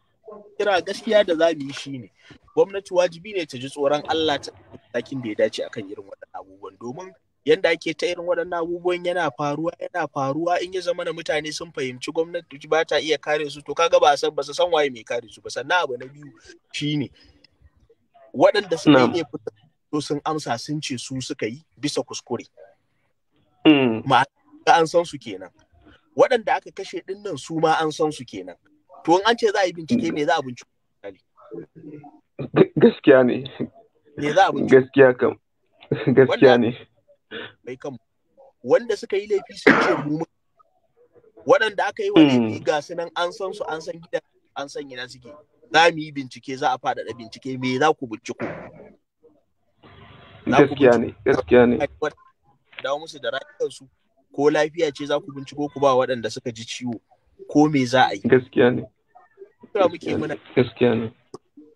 kira gaskiya da za mu yi shi ne gwamnati wajibi ne ta ji tsoron Allah ta takin da ya dace akan irin waɗannan abubuwan domin yanda ake ta irin waɗannan abubuwan yana faruwa yana faruwa in ya zama na mutane sun fahimci gwamnati ba ta iya kare su to kaga ba san ba su san waye mai kare su ba sannan abu na biyu Shi ne. waɗanda sun yi to sun amsa sun ce su suka yi bisa kuskure mm. ma'ana an san su kenan waɗanda aka kashe ɗin nan su ma an san su kenan to an ce za a yi bincike me za a bincike gaskiya ne me za a bincike gaskiya kam gaskiya ne mai kam wanda suka yi laifi sun ce mu waɗanda aka yi wa hmm. laifi ga su nan an san su an san gidan an san ina suke za mu yi bincike za a faɗaɗa bincike me za ku binciko gaskiya ne gaskiya ne dawo musu da rayuwarsu ko lafiya ce za ku binciko ku ba waɗanda suka ji ciwo ko me za a yi gaskiya ne kira muke muna gaskiya ne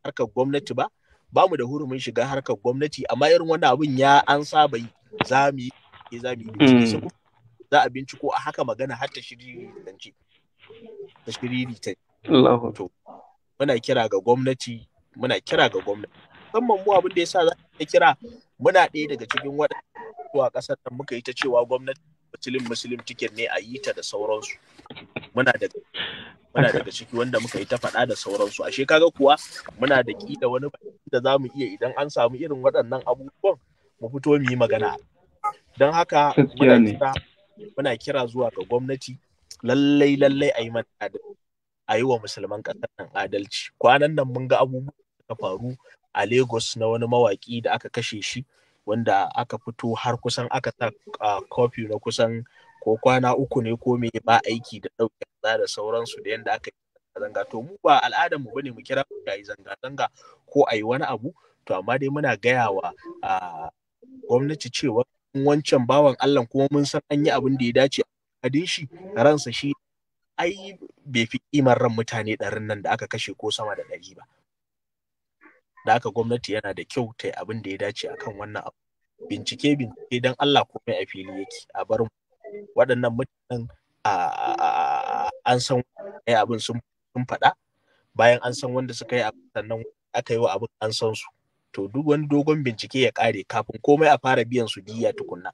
harkar gwamnati ba ba mu da hurumin shiga harkar gwamnati amma irin wani abun ya an saba yi za mu yi eh, za mu yi hmm. za a binciko a haka magana har ta shiriri ce ta shiriri ta to muna kira ga gwamnati muna kira ga gwamnati musamman mu abin da yasa za ta kira muna ɗaya daga cikin waɗanda a ƙasar nan muka yi ta cewa gwamnati musulun musulun tiket ne a yi ta da sauransu muna da muna daga ciki wanda muka yi ta faɗa da sauransu ashe kaga kuwa muna da kila wani da za mu iya idan an samu irin waɗannan abubuwan mu fito mu yi magana don haka muna kira zuwa ga gwamnati lallai lallai a yi a yi wa musulman ƙasar nan adalci kwanan nan mun ga abubuwan da faru a lagos na wani mawaƙi da aka kashe shi wanda aka fito har kusan aka sa ah, kofi na kusan ko kwana uku ne ko me ba aiki da ɗauke da sauransu da yadda aka yi zanga to mu ba al'adar mu bane mu kira a yi zanga-zanga ko a yi wani abu to amma dai muna gaya wa gwamnati cewa wancan bawan Allah kuma mun san an yi abin da ya dace a shi ransa shi ai bai fi kimar ran mutane ɗarin nan da aka kashe ko sama da ɗari ba da aka gwamnati yana da kyau ta yi abin da ya dace akan wannan abu bincike bincike don Allah komai a fili yake a bar mu waɗannan mutanen an san ya abin sun faɗa bayan an san wanda suka yi abin sannan aka yi wa abin an san su to duk wani dogon bincike ya ƙare kafin komai a fara biyan su diya tukunna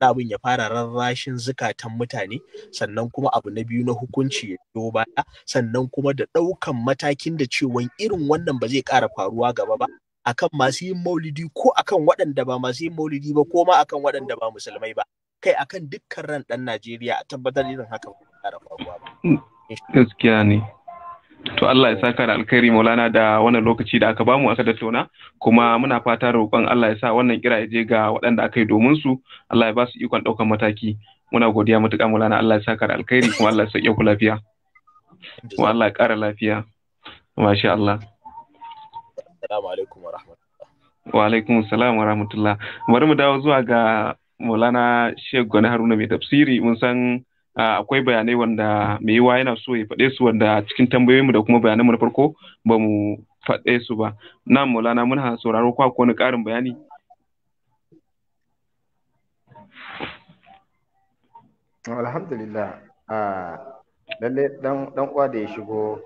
wani abin ya fara rarrashin zukatan mutane sannan kuma abu na biyu na hukunci ya biyo baya sannan kuma da ɗaukan matakin da cewa irin wannan ba zai ƙara faruwa gaba ba akan masu yin maulidi ko akan waɗanda ba masu yin maulidi ba ko ma akan waɗanda ba musulmai ba kai akan dukkan ran ɗan Najeriya a tabbatar irin haka ba da faruwa ba. Gaskiya ne. To Allah ya saka da alkhairi Maulana da wannan lokaci da aka bamu aka tattauna kuma muna fata roƙon Allah ya sa wannan kira ya je ga waɗanda aka yi domin su Allah ya ba su ikon ɗaukan mataki. Muna godiya matuƙa Maulana Allah ya saka da alkhairi kuma Allah ya sauke ku lafiya. Kuma Allah ya ƙara lafiya. Masha Allah. Assalamu alaikum wa rahmatullah. Wa alaikum assalam wa rahmatullah. Bari mu dawo zuwa ga Maulana Sheikh Gwani Haruna mai tafsiri mun san akwai bayanai wanda mai yiwa yana so ya faɗe su wanda cikin tambayoyinmu da kuma mu na farko ba mu faɗe su ba. Na Maulana muna sauraro kwa wani ƙarin bayani. Alhamdulillah. Lalle dan uwa da ya shigo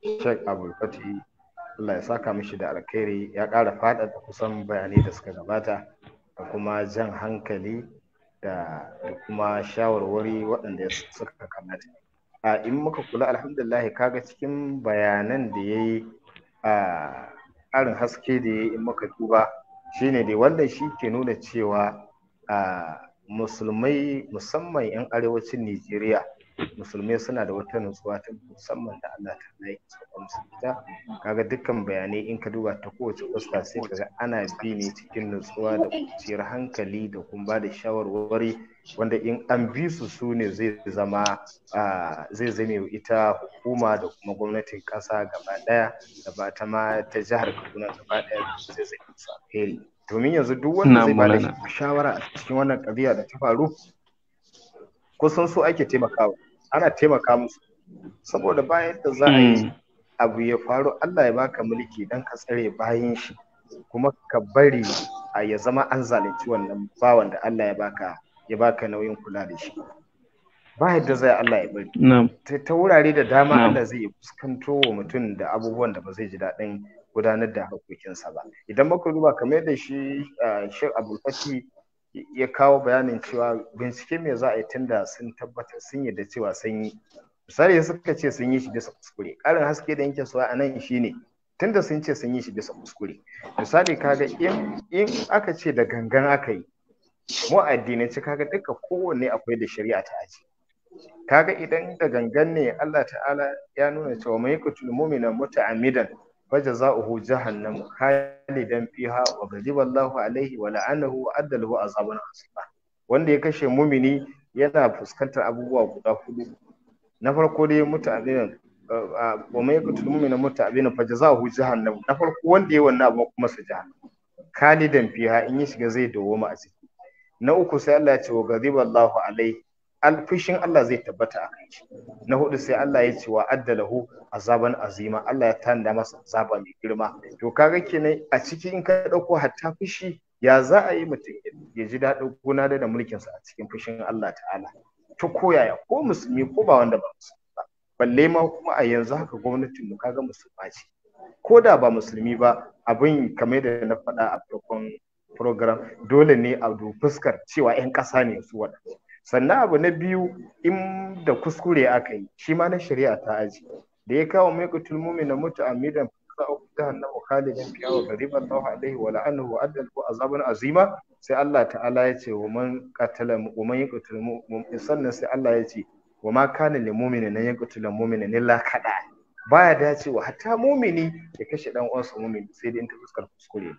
Sheikh Abdul Fati Allah ya saka mishi da alkhairi ya ƙara faɗaɗa kusan bayanai da suka gabata. da kuma jan hankali da kuma shawarwari waɗanda suka kamata a in muka kula ka ga cikin bayanan da ya yi a ƙarin haske da ya yi in muka duba shine dai wannan shi ke nuna cewa a musulmai musamman 'yan arewacin Nijeriya Musulmi suna da wata nutsuwa ta musamman da Allah ta na yi su ita kaga dukkan bayanai in ka duba ta kowace fuska sai kaga ana bi ne cikin nutsuwa da kwanciyar hankali da kuma ba da shawarwari wanda in an bi su su ne zai zama zai zame ita hukuma da kuma gwamnatin ƙasa gaba ɗaya da ba ta ma ta jihar Kaduna gaba ɗaya zai zame su alheri domin yanzu duk wanda zai ba da shawara a cikin wannan ƙabiya da ta faru kusan su ake taimakawa ana taimaka musu saboda bayan da za a yi hmm. abu ya faru Allah ya baka mulki dan ka tsare bayan shi kuma ka bari a ya zama an zalunci wannan bawan da Allah ya baka ya baka nauyin kula da shi ba yadda zai Allah ya bari ta wurare da dama Allah zai yi fuskanto wa mutum da abubuwan da ba zai ji daɗin gudanar da harkokinsa ba idan muka duba kamar da shi ah, Sheikh Abdul ya kawo bayanin cewa bincike me za a yi tunda sun tabbatar sun da cewa sun yi misali suka ce sun yi shi bisa kuskure ƙarin haske da yanke suwa a nan ne. tunda sun ce sun yi shi bisa kuskure misali kaga in aka ce da gangan aka yi mu kaga duka kowanne akwai da shari'a ta aji kaga idan da gangan ne Allah ta'ala ya nuna cewa mai kutu mu'mina muta'ammidan فجزاؤه جهنم خالدا فيها وغضب الله عليه ولعنه وأعد له عذابا عظيما wanda ya kashe mumini yana fuskantar abubuwa guda hudu na farko dai muta'abinan wa mai kutul mumina muta'abinan fa jazahu jahannam na farko wanda ya wannan abu kuma sa jahannam khalidan fiha in ya shiga zai dawo a ciki na uku sai Allah ya ce wa ghadiba Allahu alaihi fushin Allah zai tabbata a kai na hudu sai Allah ya ce wa addalahu azaban azima Allah ya tanda masa azaba mai girma to kaga kenan a ciki in ka dauko hatta fushi ya za a yi mutum ya ji daɗin gona da mulkinsa a cikin fushin Allah ta'ala ta koyaya ko musulmi ko ba wanda ba musulmi ba balle ma kuma a yanzu haka gwamnatin mu kaga musulma ce ko da ba musulmi ba abin kamar da na faɗa a farkon program dole ne a fuskar cewa 'yan ƙasa ne su waɗanda sannan abu na biyu in da kuskure aka yi shi ma na shari'a ta aji da ya kawo mai kutul na mutu amidan fa ta hanna mukhalidin fiya wa ghariban Allahu alaihi wa la'anahu wa ko azaban azima sai Allah ta'ala ya ce wa man katala wa man yaqtul mu'min sannan sai Allah ya ce wa ma kana lil mu'mini nan yaqtul mu'mina illa kada baya dacewa hatta mumini ya kashe dan uwansa mumini sai dai in ta fuskar kuskure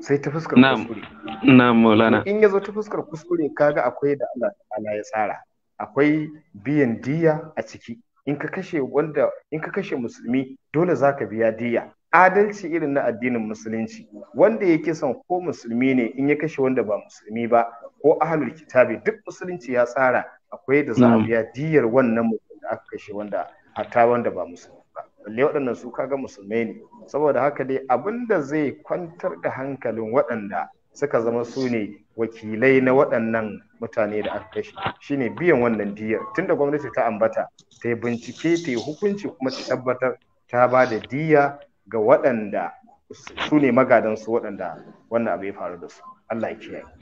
sai ta fuskar kuskure na maulana in ya zo ta fuskar kuskure kaga akwai da Allah ta'ala ya tsara akwai biyan diya a ciki in ka kashe wanda in ka kashe musulmi dole zaka biya diya adalci irin na addinin musulunci wanda yake son ko musulmi ne in ya kashe wanda ba musulmi ba ko ahlul kitabi duk musulunci ya tsara akwai da za a biya diyar wannan mutum da aka kashe wanda hatta wanda ba musulmi balle waɗannan su kaga musulmai ne saboda haka dai abinda zai kwantar da hankalin waɗanda suka zama su ne wakilai na waɗannan mutane da aka kashe shine biyan wannan diyar tunda gwamnati ta ambata ta yi bincike ta yi hukunci kuma ta tabbatar ta ba da diya ga waɗanda su ne magadansu waɗanda wannan abu ya faru da su Allah ya kiyaye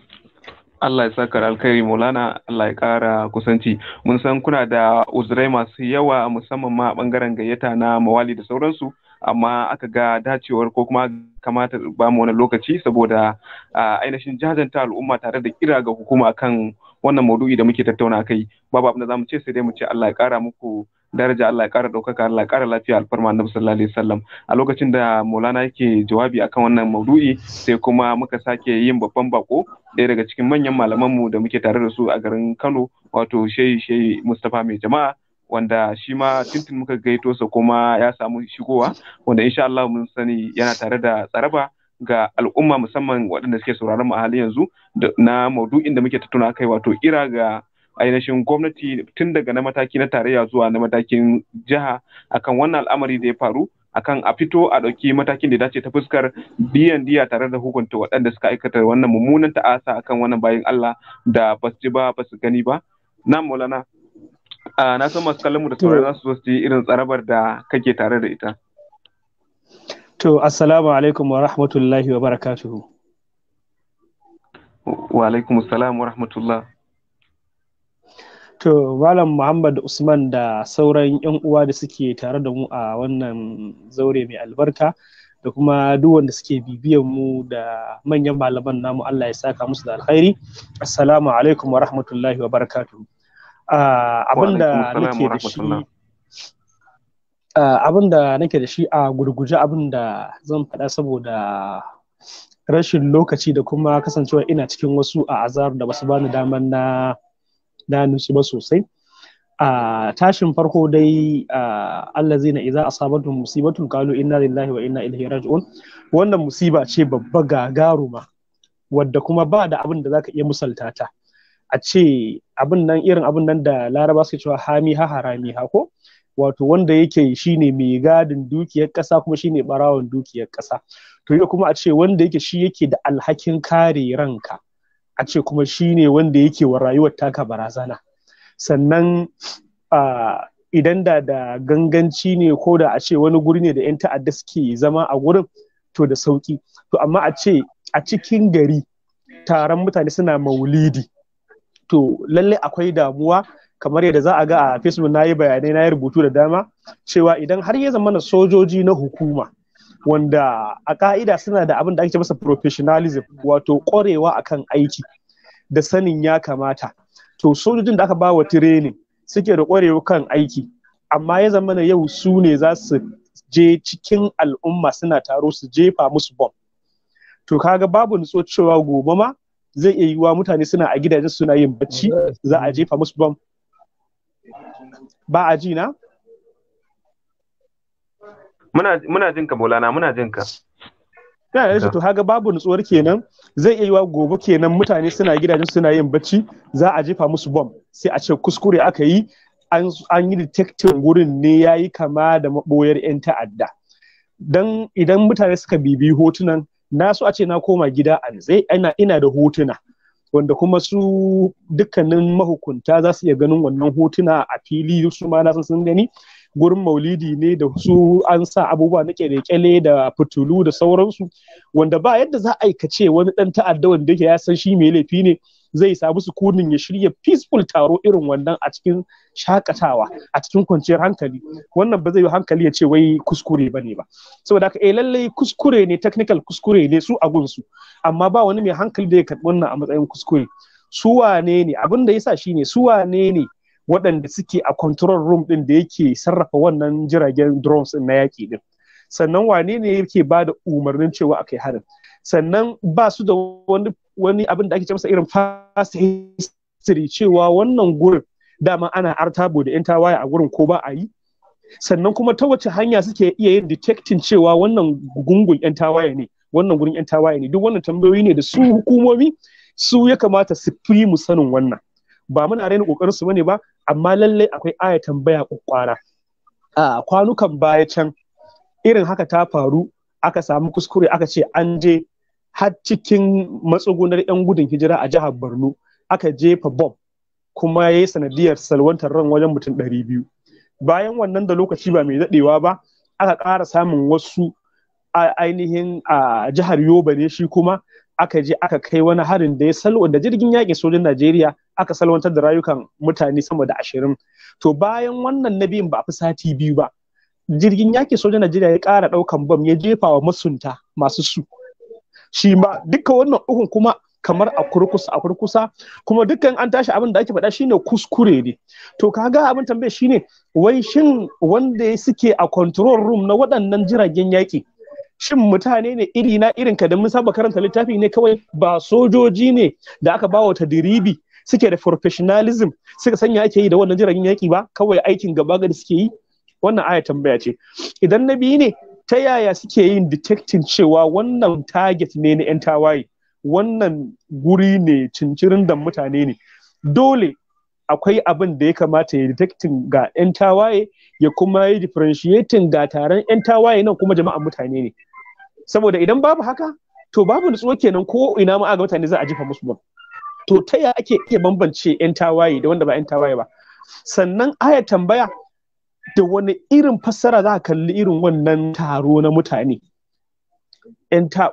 Allah ya saka alkhairi Maulana Allah ya kara kusanci mun san kuna da uzurai masu yawa musamman ma bangaren gayyata na mawali da sauransu amma aka ga dacewar ko kuma kamata ba mu wani lokaci saboda ainihin jajanta al'umma tare da kira ga hukuma kan wannan maudu'i da muke tattauna kai babu abin da zamu ce sai dai mu ce Allah ya kara muku daraja Allah ya ƙara ɗaukaka Allah ya ƙara lafiya alfarma annabi sallallahu alaihi wasallam a lokacin da Maulana yake jawabi akan wannan maudu'i sai kuma muka sake yin babban bako ɗaya daga cikin manyan mu da muke tare da su a garin Kano wato Shehi Shehi Mustapha Mai Jama'a wanda shi ma tintin muka gaito sa kuma ya samu shigowa wanda insha Allah mun sani yana tare da tsaraba ga al'umma musamman waɗanda suke sauraron mu a halin yanzu na maudu'in da muke tattauna kai wato kira ga ainihin gwamnati tun daga na mataki na tarayya zuwa na matakin jiha akan wannan al'amari da ya faru akan a fito a ɗauki matakin da dace ta fuskar biyan diya tare da hukunta waɗanda suka aikata wannan mummunan ta'asa akan wannan bayan Allah da ba su ji ba ba su gani ba na maulana na san masu kallon mu da sauran za su zo su yi irin tsarabar da kake tare da ita to assalamu alaikum wa rahmatullahi wa barakatuhu wa alaikum assalam wa rahmatullah To Malam Muhammad Usman da sauran 'yan uwa da suke tare da mu a wannan zaure mai albarka da kuma duwanda wanda suke bibiyan mu da manyan malaman namu Allah ya saka musu da alkhairi. Assalamu alaikum wa rahmatullahi wa barakatuh. Abin da nake da shi abin da da shi a gurguje abin da zan faɗa saboda rashin lokaci da kuma kasancewa ina cikin wasu a azar da basu bani damar na na nushi ba sosai a tashin farko dai Allah zai na iza a asabatun musibatun kalu inna lillahi wa inna ilaihi raji'un wannan musiba ce babba gagaruma wadda kuma ba da abin da zaka iya musalta ta a ce abin nan irin abin nan da laraba suke cewa hami ha harami ha ko wato wanda yake shine mai gadin dukiyar kasa kuma shine barawon dukiyar kasa to yau kuma a ce wanda yake shi yake da alhakin kare ranka a ce kuma shi ne wanda yake wa rayuwar taka barazana sannan idan da da ganganci ne ko da a ce wani guri ne da 'yan ta'adda suke zama a gurin to da sauki to amma a ce a cikin gari taron mutane suna maulidi to lallai akwai damuwa kamar yadda za a ga a facebook na yi bayanai na yi rubutu da dama cewa idan har ya zama na sojoji na hukuma wanda a ka'ida suna da abin da ake masa professionalism wato ƙwarewa akan aiki da sanin ya kamata to sojojin da aka ba wa training suke da ƙwarewa kan aiki amma ya zama yau su ne za su je cikin al'umma suna taro su jefa musu bom to kaga babu nutso cewa gobe ma zai iya yiwuwa mutane suna a gidajen suna yin bacci za a jefa musu bom ba a ji na muna muna jin ka Maulana muna jin ka ya yeah, to haga babu nutsuwar kenan zai iya yiwa gobe kenan mutane suna gidajen suna yin bacci za a jefa musu bom sai a ce kuskure aka yi an yi detecting wurin ne ya yi kama da maboyar 'yan ta'adda don idan mutane suka bibi hotunan nasu a ce na koma gida a zai, ina da hotuna wanda kuma su dukkanin mahukunta za su iya ganin wannan hotuna a fili su ma na sun gani gurin maulidi ne da su an sa abubuwa na kyale-kyale da fitulu da sauransu wanda ba yadda za a aikace wani dan ta'adda wanda yake ya san shi mai laifi ne zai samu sukunin ya shirya peaceful taro irin wannan a cikin shakatawa a cikin kwanciyar hankali wannan ba zai yi hankali ya ce wai kuskure ba ne ba saboda haka eh lallai kuskure ne technical kuskure ne su a gunsu amma ba wani mai hankali da ya karɓi wannan a matsayin kuskure su wane ne abin da yasa shine su wane ne waɗanda suke a control room ɗin da yake sarrafa wannan jiragen drones na yaƙi ɗin sannan wane ne yake ba da umarnin cewa akai harin sannan ba su da wani wani abin da ake ce irin fast history cewa wannan gurin dama ana artabo da 'yan tawaye a gurin ko ba a yi sannan kuma ta wace hanya suke iya yin detecting cewa wannan gungun 'yan tawaye ne wannan gurin 'yan tawaye ne duk wannan tambayoyi ne da su hukumomi su ya kamata su fi mu sanin wannan ba muna raina kokarin su bane ba amma lallai akwai aya tambaya kwakwara a kwanukan baya can irin haka ta faru aka samu kuskure aka ce an je har cikin matsugunar 'yan gudun hijira a jihar borno aka jefa bom. kuma ya yi sanadiyar salwantar ran wajen mutum 200 bayan wannan da lokaci ba mai daɗewa ba aka ƙara samun wasu a ainihin a jihar yoba ne shi kuma aka je aka kai wani harin da ya salwa da jirgin yaƙin sojin Najeriya aka salwantar da rayukan mutane sama da ashirin. To bayan wannan na biyun ba a fi sati biyu ba. Jirgin yaƙin sojin Najeriya ya ƙara ɗaukan bam ya jefa wa masunta masu su. Shi ma duka wannan ukun kuma kamar a kurkusa a kurkusa kuma dukkan an tashi abin da ake faɗa shine kuskure ne to kaga abin tambaye shine wai shin wanda suke a control room na waɗannan jiragen yaƙi shin mutane ne iri na irin ka da mun saba karanta littafi ne kawai ba sojoji ne da aka bawa diribi suke da professionalism suka sanya ake yi da wannan jiragen yaki ba kawai aikin gaba gari suke yi wannan aya tambaya ce idan na biyu ne ta yaya suke yin detecting cewa wannan target ne na 'yan tawaye wannan guri ne cincirin da mutane ne dole akwai abin da ya kamata ya detecting ga 'yan tawaye ya kuma yi differentiating ga taron 'yan tawaye nan kuma jama'an mutane ne saboda idan babu haka to babu nutsuwa kenan ko ina ma ga mutane za a jifa musu ba to ta ya ake iya bambance 'yan tawaye da wanda ba 'yan tawaye ba sannan aya tambaya da wani irin fassara za a kalli irin wannan taro na mutane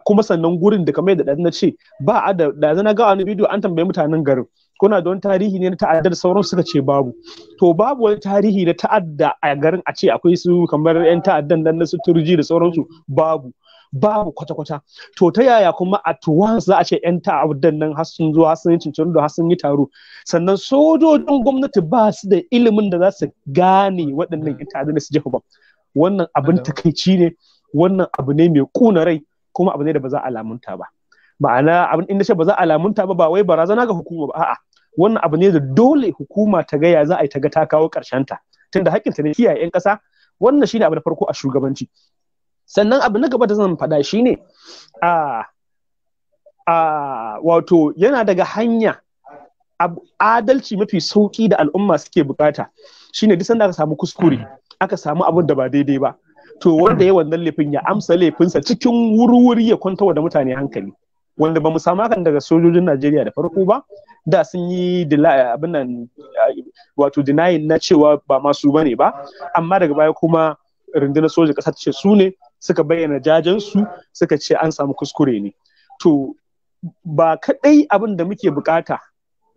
kuma sannan gurin da kamar da na ce ba a da na ga wani bidiyo an tambaye mutanen garin kuna da wani tarihi ne na ta'adda da sauran suka ce babu to babu wani tarihi na ta'adda a garin a ce akwai su kamar yan ta'addan nan na suturji da sauransu babu babu kwata-kwata to ta yaya kuma a tuwa za a ce yan ta'addan nan har sun zo har sun yi cincin da har sun yi taro sannan sojojin gwamnati ba su da ilimin da za su gane waɗannan yan ta'addan su jefa ba wannan abin takaici ne wannan abu ne mai kuna rai kuma abu ne da ba za a lamunta ba ma'ana abin inda ce ba za a lamunta ba ba wai barazana ga hukuma ba a'a wannan abu ne da dole hukuma ta gaya za a yi ta ga ta kawo ƙarshen ta da haƙƙinta ne kiyaye 'yan ƙasa wannan shine abu na farko a shugabanci sannan abu na gaba da zan faɗa shine a a wato yana daga hanya adalci mafi sauƙi da al'umma suke bukata shine duk sanda aka samu kuskure aka samu abin da ba daidai ba to wanda ya wannan laifin ya amsa laifinsa cikin wuri-wuri ya kwanta da mutane hankali wanda ba mu samu hakan daga sojojin Najeriya da farko ba da sun yi abin wato denying na cewa ba masu bane ba amma daga baya kuma rundunar sojin ƙasa ta ce su ne suka bayyana jajensu suka ce an samu kuskure ne to ba kaɗai abin da muke bukata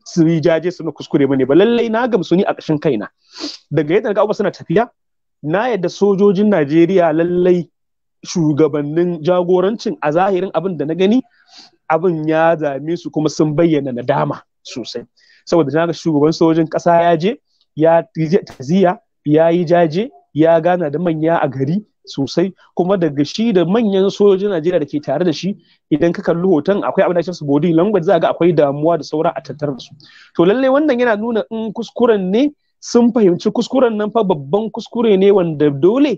su yi jaje su na kuskure ne ba lallai na gamsu ni a ƙashin kaina daga yadda ga suna tafiya na yadda sojojin Najeriya lallai shugabannin jagorancin a zahirin abin da na gani abin ya zame su kuma sun bayyana nadama sosai saboda na ga shugaban sojin ƙasa ya je ya taziya ya yi jaje ya gana da manya a gari sosai kuma daga shi da manyan sojojin Najeriya da ke tare da shi idan ka kalli hoton akwai abin da su body language za ga akwai damuwa da saura a tattare da su to lalle wannan yana nuna in kuskuren ne sun fahimci kuskuren nan fa babban kuskure ne wanda dole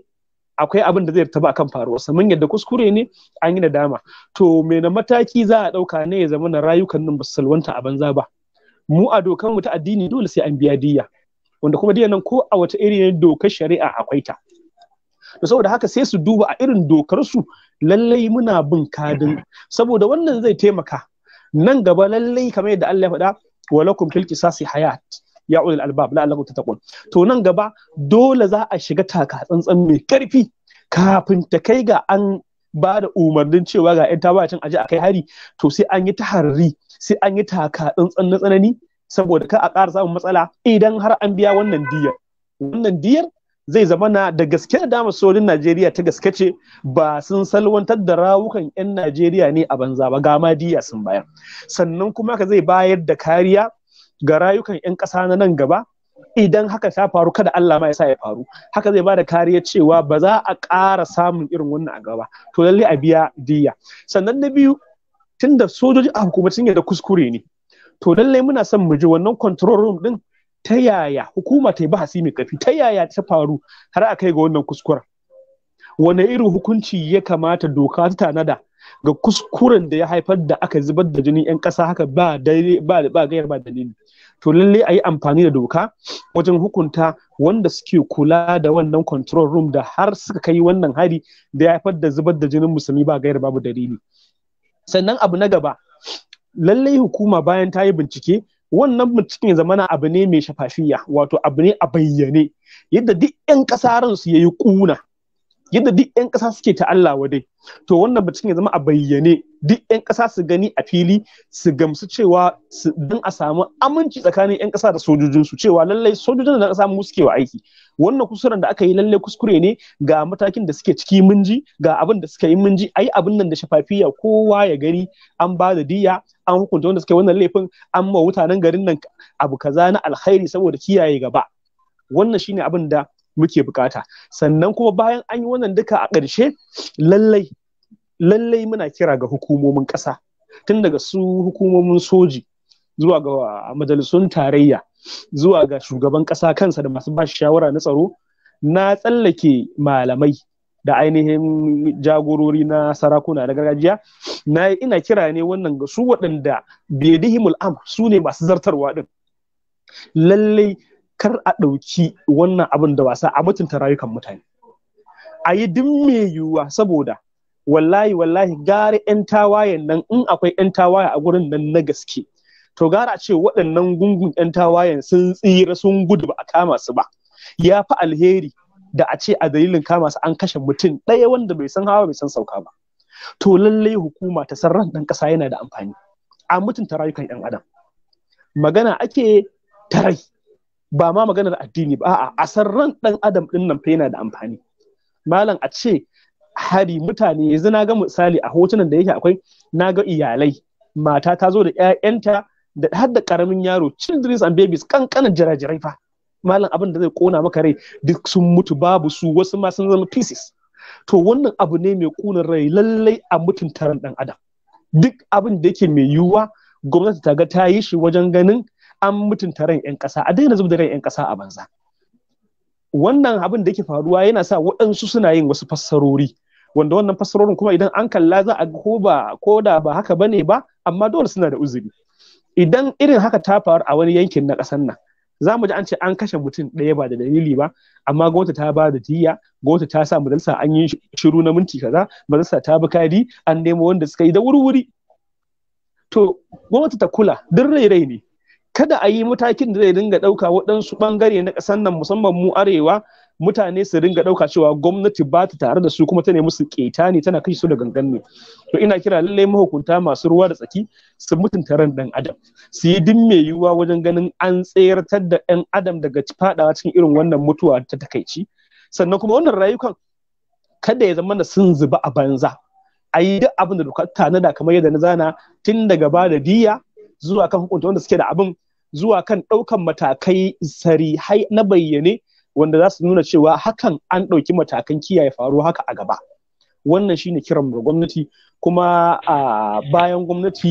akwai abin da zai taba kan faruwa saman yadda kuskure ne an yi da dama, to me na mataki za a dauka ne ya zama na rayukan nan ba salwanta a banza ba mu a dokan mu ta addini dole sai an biya diyya, wanda kuma diyan nan ko a wata irin dokar shari'a akwai ta to saboda haka sai su duba a irin dokar su lallai muna bin kadin saboda wannan zai taimaka nan gaba lallai kamar yadda Allah ya faɗa walakum fil qisasi hayat ya ulul albab la'allakum tattaqun to nan gaba dole za a shiga taka tsantsan mai karfi kafin ta kai ga an ba da umarnin cewa ga 'yan tabacin aji a kai hari to sai an yi taharri sai an yi taka tsantsan na tsanani saboda ka a ƙara samun matsala idan har an biya wannan diyar wannan diyar zai zama na da gaske da dama sojin Najeriya ta gaske ce ba sun salwantar da rawukan 'yan Najeriya ne a banza ba gama diya sun bayar sannan kuma ka zai bayar da kariya ga rayukan 'yan ƙasa na nan gaba idan haka ta faru kada Allah ma ya sa ya faru haka zai ba da kariya cewa ba za a ƙara samun irin wannan a gaba to lalle a biya diya sannan na biyu tunda sojoji a hukumar sun da kuskure ne to lallai muna son mu ji wannan control room din ta yaya hukuma ta yi bahasi mai kafi ta yaya ta faru har a kai ga wannan kuskuren wane irin hukunci ya kamata doka ta tanada ga kuskuren da ya haifar da aka zubar da jinin 'yan ƙasa haka ba ba ba gayar ba dalili to lallai a yi amfani da doka wajen hukunta wanda suke kula da wannan control room da har suka kai wannan hari da ya haifar da zubar da jinin musulmi ba gayar babu dalili sannan abu na gaba lallai hukuma bayan ta yi bincike wannan binciken zamana abu ne mai shafafiya wato abu ne a bayyane yadda duk 'yan ƙasa ransu ya yi ƙuna yadda duk 'yan ƙasa suke ta Allah wadai to wannan batun ya zama a bayyane duk 'yan ƙasa su gani a fili su gamsu cewa don a samu aminci tsakanin 'yan ƙasa da sojojinsu cewa lallai sojojin da ƙasa mu suke wa aiki wannan kusuran da aka yi lallai kuskure ne ga matakin da suke ciki mun ji ga abin da suka yi mun ji ayi abin nan da shafafiya kowa ya gani an ba da diya an hukunta wanda suke wannan laifin an ma mutanen garin nan abu kaza na alkhairi saboda kiyaye gaba wannan shine abin da muke bukata sannan kuma bayan an yi wannan duka a ƙarshe lallai muna kira ga hukumomin ƙasa tun daga su hukumomin soji zuwa ga majalisun tarayya zuwa ga shugaban ƙasa kansa da masu bashi shawara na tsaro na tsallake malamai da ainihin jagorori na sarakuna na gargajiya na ina kira ne wannan ga su waɗanda bedihimul am su ne masu zartarwa din lallai kar a ɗauki wannan abin da wasa a mutunta rayukan mutane a yi duk mai yiwuwa saboda wallahi wallahi gare 'yan tawayen nan in akwai 'yan tawaye a gurin nan na gaske to gara a ce waɗannan gungun 'yan tawayen sun tsira sun gudu ba a kama su ba ya fi alheri da a ce a dalilin kama su an kashe mutum ɗaya wanda bai san hawa bai san sauka ba to lallai hukuma ta san ran ɗan ƙasa yana da amfani a mutunta rayukan 'yan adam magana ake ta rai ba ma maganar addini ba A asar ran ɗan adam din nan fa yana da amfani malam a ce hari mutane yanzu na ga misali a hotunan da yake akwai na ga iyalai mata ta zo da ƴaƴanta da har da karamin yaro children and babies kankanan jirajirai fa malam abin da zai kona maka rai duk sun mutu babu su wasu ma sun zama pieces to wannan abu ne mai kuna rai lallai a mutuntar dan adam duk abin da yake mai yiwuwa gwamnati ta ga ta yi shi wajen ganin an mutunta ran 'yan ƙasa a daina zubda da ran 'yan ƙasa a banza wannan abin da yake faruwa yana sa waɗansu suna yin wasu fassarori wanda wannan fassarorin kuma idan an kalla za a ko ba ko da ba haka bane ba amma dole suna da uzuri idan irin haka ta faru a wani yankin na ƙasar nan za mu ji an ce an kashe mutum ɗaya ba da dalili ba amma gwamnati ta ba da jiya gwamnati ta sa majalisa an yi shiru na minti kaza majalisa ta bi kadi an nemo wanda suka yi da wuri-wuri to gwamnati ta kula duk rai-rai ne kada a yi matakin da zai dinga ɗauka waɗansu ɓangare na ƙasar nan musamman mu arewa mutane su dinga ɗauka cewa gwamnati ba ta tare da su kuma ta nemi su keta ne tana kashe su da gangan ne to ina kira lallai mahukunta masu ruwa da tsaki su mutunta ran ɗan adam su yi din mai yiwuwa wajen ganin an tsayartar da ɗan adam daga faɗawa cikin irin wannan mutuwa ta takaici sannan kuma wannan rayukan kada ya zama da sun zuba a banza a yi duk abin da doka tanada kamar yadda na zana tun daga ba da diya zuwa kan hukunta wanda suke da abin zuwa kan ɗaukan matakai sarihai na bayyane wanda za su nuna cewa hakan an ɗauki matakan kiyaye faruwa haka a gaba wannan shine kiran da gwamnati kuma a bayan gwamnati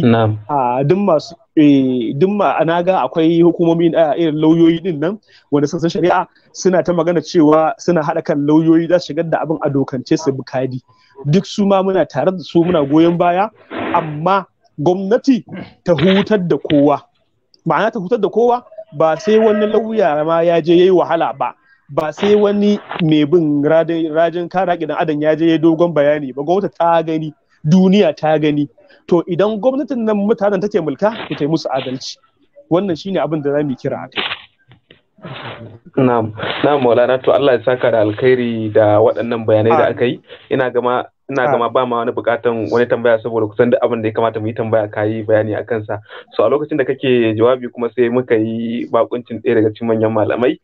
a duk masu eh, duk na ga akwai hukumomi irin lauyoyi din nan wanda sun shari'a suna ta magana cewa suna haɗa kan lauyoyi za su shigar da abin a dokance su bukadi duk su ma muna tare da su muna goyon baya amma gwamnati ta hutar da kowa ma'ana ta hutar da kowa ba sai wani lauya ma ya je yayi wahala ba ba sai wani mai bin rajin kara gidan adam ya je ya dogon bayani ba gwamnati ta gani duniya ta gani to idan gwamnatin nan mutanen take mulka to ta musu adalci wannan shine abin da zamu kira a na'am na'am maulana to Allah ya saka da alkhairi da waɗannan bayanai da aka yi ina gama ina ah. gama ba ma wani bukatan wani tambaya saboda kusan duk abin da ya kamata mu yi tambaya ka yi bayani a kansa so a lokacin da kake jawabi kuma sai muka yi bakuncin ɗaya daga cikin manyan malamai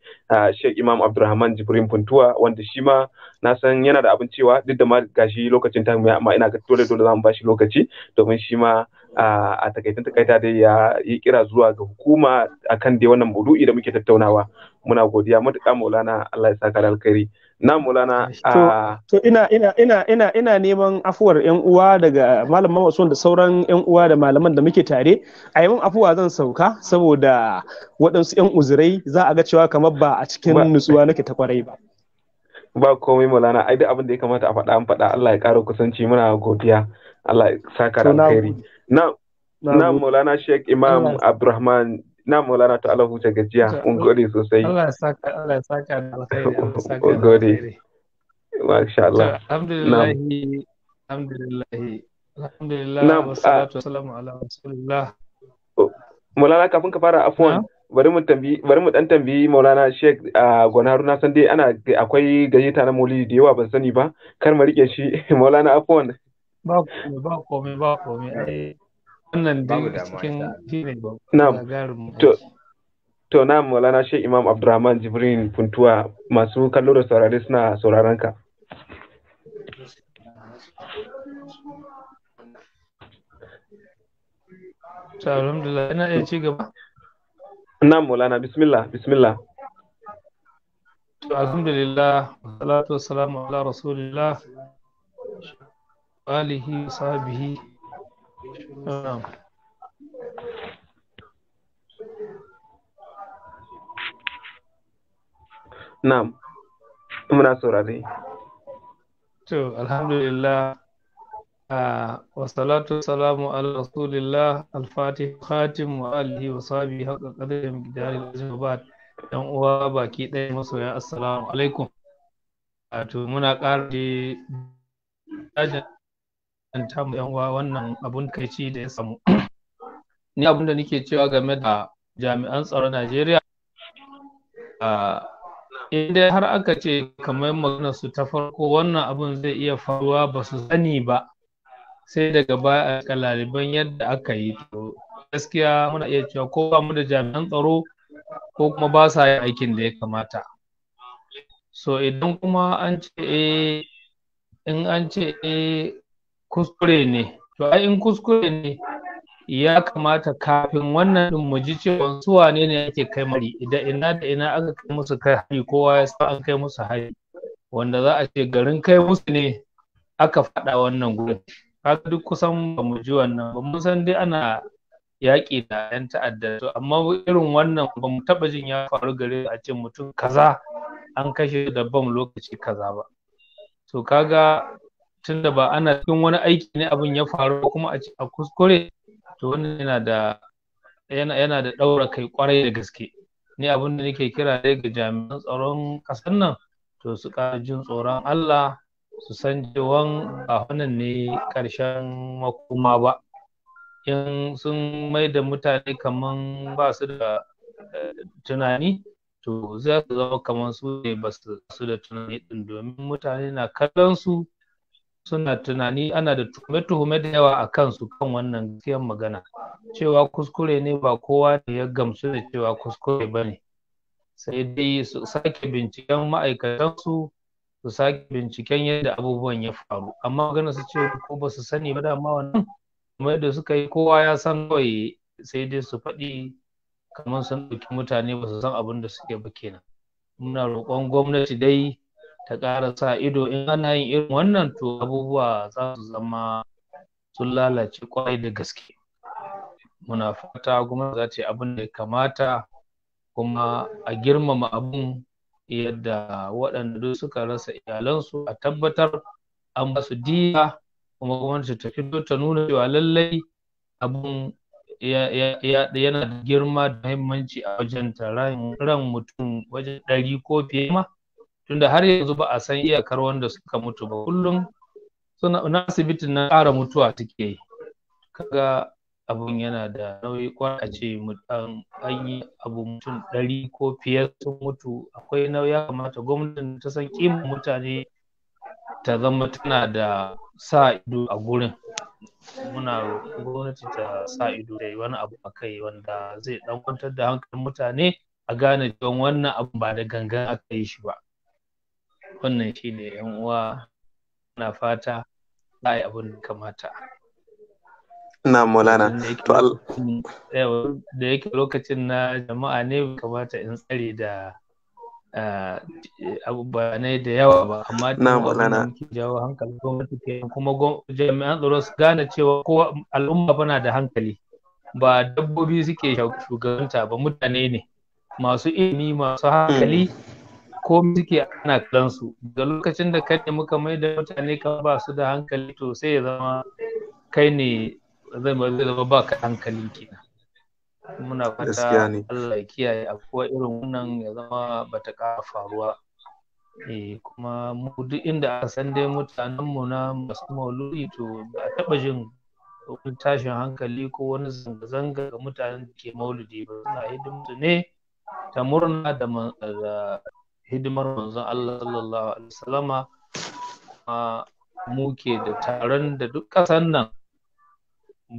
shek Imam Abdulrahman Jibrin Funtuwa wanda shi ma na san yana da abin cewa duk da ma gashi lokacin ta amma ina ga dole dole za mu bashi lokaci domin shi ma a takaitan takaita dai ya yi kira zuwa ga hukuma akan dai wannan maudu'i da muke tattaunawa muna godiya matuƙa maulana Allah ya saka da alkhairi na mulana ah. to ina ina ina ina ina neman afuwar yan uwa daga malam mamasun da sauran yan uwa da malaman da muke tare a yawan afuwa zan sauka saboda waɗansu yan uzurai za a ga cewa kamar ba a cikin nutsuwa nake ta kwarai ba ba komai mulana ai duk abin da ya kamata a faɗa an faɗa Allah ya ƙara kusanci muna godiya Allah ya saka da alkhairi na na mulana Sheikh Imam Abdulrahman na maulana ta Allah huce gajiya mun gode sosai Allah ya saka Allah ya saka da alkhairi Allah ya saka da gode masha Allah alhamdulillah alhamdulillah alhamdulillah wassalatu ah. wassalamu ala rasulillah oh, maulana kafin ka fara afwan ah? bari mu tambayi bari mu dan tambayi Maulana Sheikh ah, a Gonaru na san dai ana akwai gayyata na Maulidi da yawa ban sani ba kar mu rike shi Maulana Afwan ba komai ba komai ba komai wannan dai cikin shine babban to to na maulana shi imam abdurrahman jibrin puntuwa masu kallo da saurare suna sauraron ka alhamdulillah ina iya ci gaba na maulana bismillah bismillah alhamdulillah salatu wassalamu ala rasulillah alihi sahbihi نعم ah. na'am muna saurare to alhamdulillah ah, wa salatu salamu ala rasulillah al-fatih khatim wa alihi wa sahbihi haqqa qadrin bidari al-jabat dan uwa baki ɗaya masoya assalamu alaikum wato ah, muna ƙara da ta mu yan uwa wannan abun kai ci da ya samu ni abun da nake cewa game da jami'an tsaron Najeriya inda har aka ce kamar magana su ta farko wannan abun zai iya faruwa ba su sani ba sai daga baya a laliban yadda aka yi to gaskiya muna iya cewa ko ba mu da jami'an tsaro ko kuma ba sa yin aikin da ya kamata so idan kuma an ce eh, in an ce eh, kuskure ne to ai in kuskure ne ya kamata kafin wannan din mu ji cewa su wane ne yake kai mari idan ina da ina aka kai musu kai hari kowa ya san an kai musu hari wanda za a ce garin kai musu ne aka faɗa wannan gurin kaga duk kusan ba mu ji wannan ba mun san dai ana yaƙi da 'yan ta'adda to amma irin wannan ba mu taɓa jin ya faru gare a ce mutum kaza an kashe da bam lokaci kaza ba to kaga tunda ba ana cikin wani aiki ne abin ya faru kuma a a kuskure to wannan yana da yana da ɗaura kai kwarai da gaske ni abin da nake kira dai ga jami'an tsaron kasar nan to su ƙara jin tsoron Allah su san cewan ba wannan ne ƙarshen makoma ba in sun mai da mutane kaman ba su da eh, tunani to za su zama kamar su ne ba su da tunani din domin mutane na kallon su suna tunani ana da tuhume-tuhume da yawa a kansu kan wannan gaskiyar magana cewa kuskure ne ba kowa ne ya gamsu da cewa kuskure ba ne sai dai su sake binciken ma'aikatansu su sake binciken yadda abubuwan ya faru amma magana su ce ko ba su sani ba dama wannan kuma yadda suka yi kowa ya san kawai sai dai su faɗi kamar sun ɗauki mutane ba su san abin da suke ba kenan muna roƙon gwamnati dai ta ƙara sa ido in ana yin irin wannan to abubuwa za su zama sun lalace kwarai da gaske muna fata kuma za ta yi abin da ya kamata kuma a girmama abin yadda waɗanda duk suka rasa iyalansu a tabbatar an ba su diya kuma gwamnati ta fito ta nuna cewa lallai abin yana da girma da muhimmanci a wajen ran mutum wajen ɗari ko fiye ma tunda har yanzu ba a san iyakar wanda suka mutu ba kullum suna na asibitin na ƙara mutuwa take yi kaga abun yana da nauyi kwar a ce an yi abu mutum ɗari ko fiye sun mutu akwai nauyi kamata gwamnatin ta san kimar mutane ta zama tana da sa ido a gurin muna gwamnati ta sa ido da wani abu a kai wanda zai ɗan kwantar da hankalin mutane a gane cewa wannan abu ba da gangan aka yi shi ba wannan shi ne uwa na fata za a yi abin da kamata na maulana to da yake lokacin na jama'a ne kamata in tsare da eh, bayanai da yawa ba amma na maulana jawo hankali gwamnati ke kuma jami'an tsaro su gane cewa kowa al'umma bana da hankali ba dabbobi suke shugabanta ba mutane ne masu ilimi masu hankali hmm. ko suke ana kallon su da lokacin da kai muka mai da mutane ka ba su da hankali to sai ya zama kai ne zai zama ba ka hankali kenan muna fata Allah ya kiyaye akwai irin wannan ya zama ba ta ƙara faruwa eh kuma mu duk inda aka san dai mutanen mu na masu mauludi to ba taɓa jin wani tashin hankali ko wani zanga-zanga ga mutanen da ke mauludi ba suna hidimta ne ta murna da hidimar manzon Allah sallallahu alaihi wasallama a mu ke da taron da duk kasan nan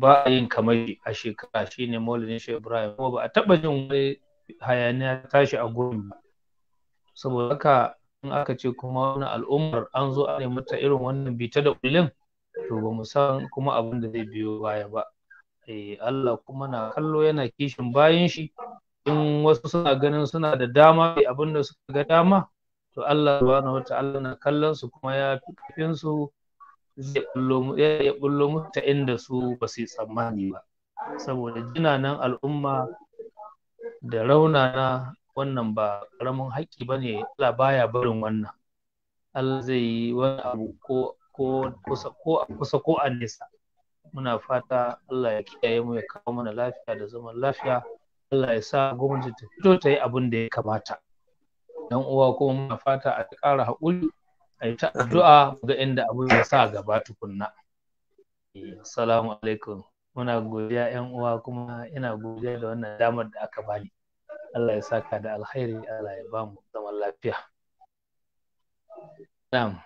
ba a yin kamar a shekara shine maulidin shi Ibrahim kuma ba a taba jin wani hayaniya tashi a gurin ba saboda haka in aka ce kuma wani al'ummar an zo a nemi ta irin wannan bita da kullum to ba san kuma abin da zai biyo baya ba eh, Allah kuma na kallo yana kishin bayan shi in wasu suna ganin suna da dama mai abin da suka ga dama to Allah subhanahu ta'ala na kallon su kuma ya fi kafin su ya bullo mu ta inda su ba su yi tsammani ba saboda jinanan al'umma da rauna na wannan ba karamin haƙƙi ba ne Allah baya barin wannan Allah zai yi wani abu ko ko kusa ko a kusa ko a nesa muna fata Allah ya kiyaye mu ya kawo mana lafiya da zaman lafiya Allah ya sa gwamnati ta fito ta yi abin da ya kamata dan uwa kuma muna fata a ƙara haƙuri a yi ta addu'a ga inda abin ya sa gaba tukunna eh, assalamu alaikum muna godiya ƴan uwa kuma ina godiya da wannan damar da aka bani Allah ya saka da alkhairi Allah ya bamu zaman lafiya na'am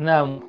Não.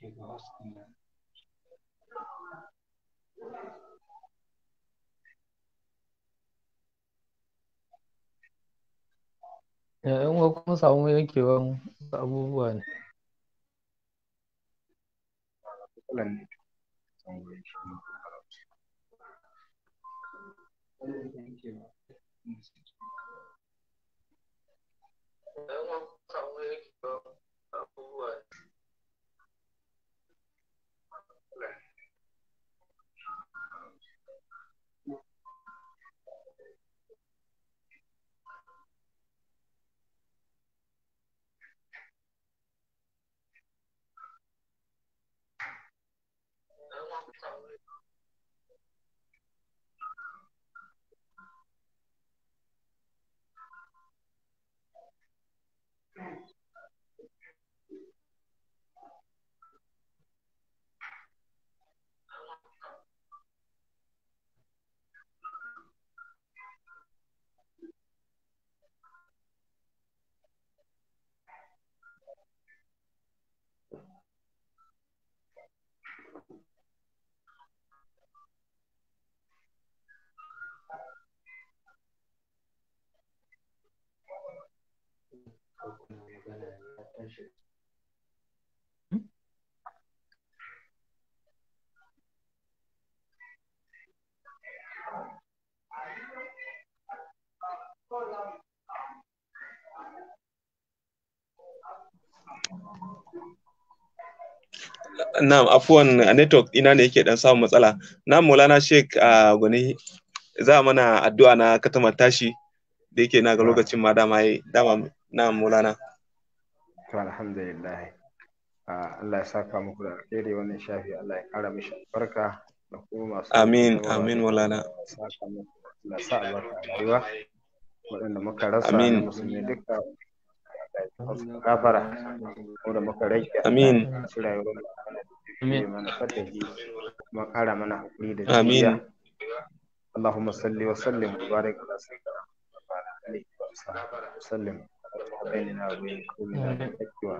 Chegostina. Dạ, ông có có sao mới chịu không? Sao vô vần. Lần Thank you. Na'am, afuwan network ina ne yake dan samun matsala. Na Maulana Sheikh a gwani za mana addu'a na katamar tashi da yake na ga lokacin ma dama yi dama na Maulana. to alhamdulillah ah, Allah ya saka muku da alheri wannan shafi Allah ya kara mishi albarka da kuma masu amin amin walana Allah sa albarka a rayuwa waɗanda muka rasa amin musulmi duka gafara ko da muka rage amin su rayuwar mana fadaji kuma kara mana hakuri da juriya اللهم صل وسلم وبارك على سيدنا محمد وعلى اله وصحبه وسلم بيننا وبين كل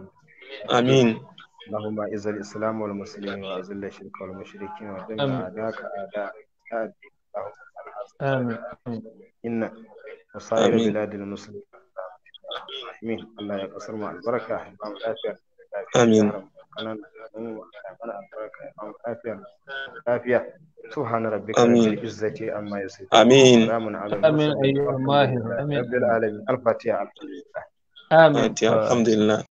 امين اللهم اعز الاسلام والمسلمين واذل الشرك والمشركين ودمر اعداءك اعداء امين ان وصائر بلاد المسلمين امين الله يقصر مع البركه آمين الافيه امين انا من البركه امام الافيه الافيه سبحان ربك امين العزة عما يصفون امين سلام على امين ايها الماهر امين رب العالمين الفاتحه امين الحمد لله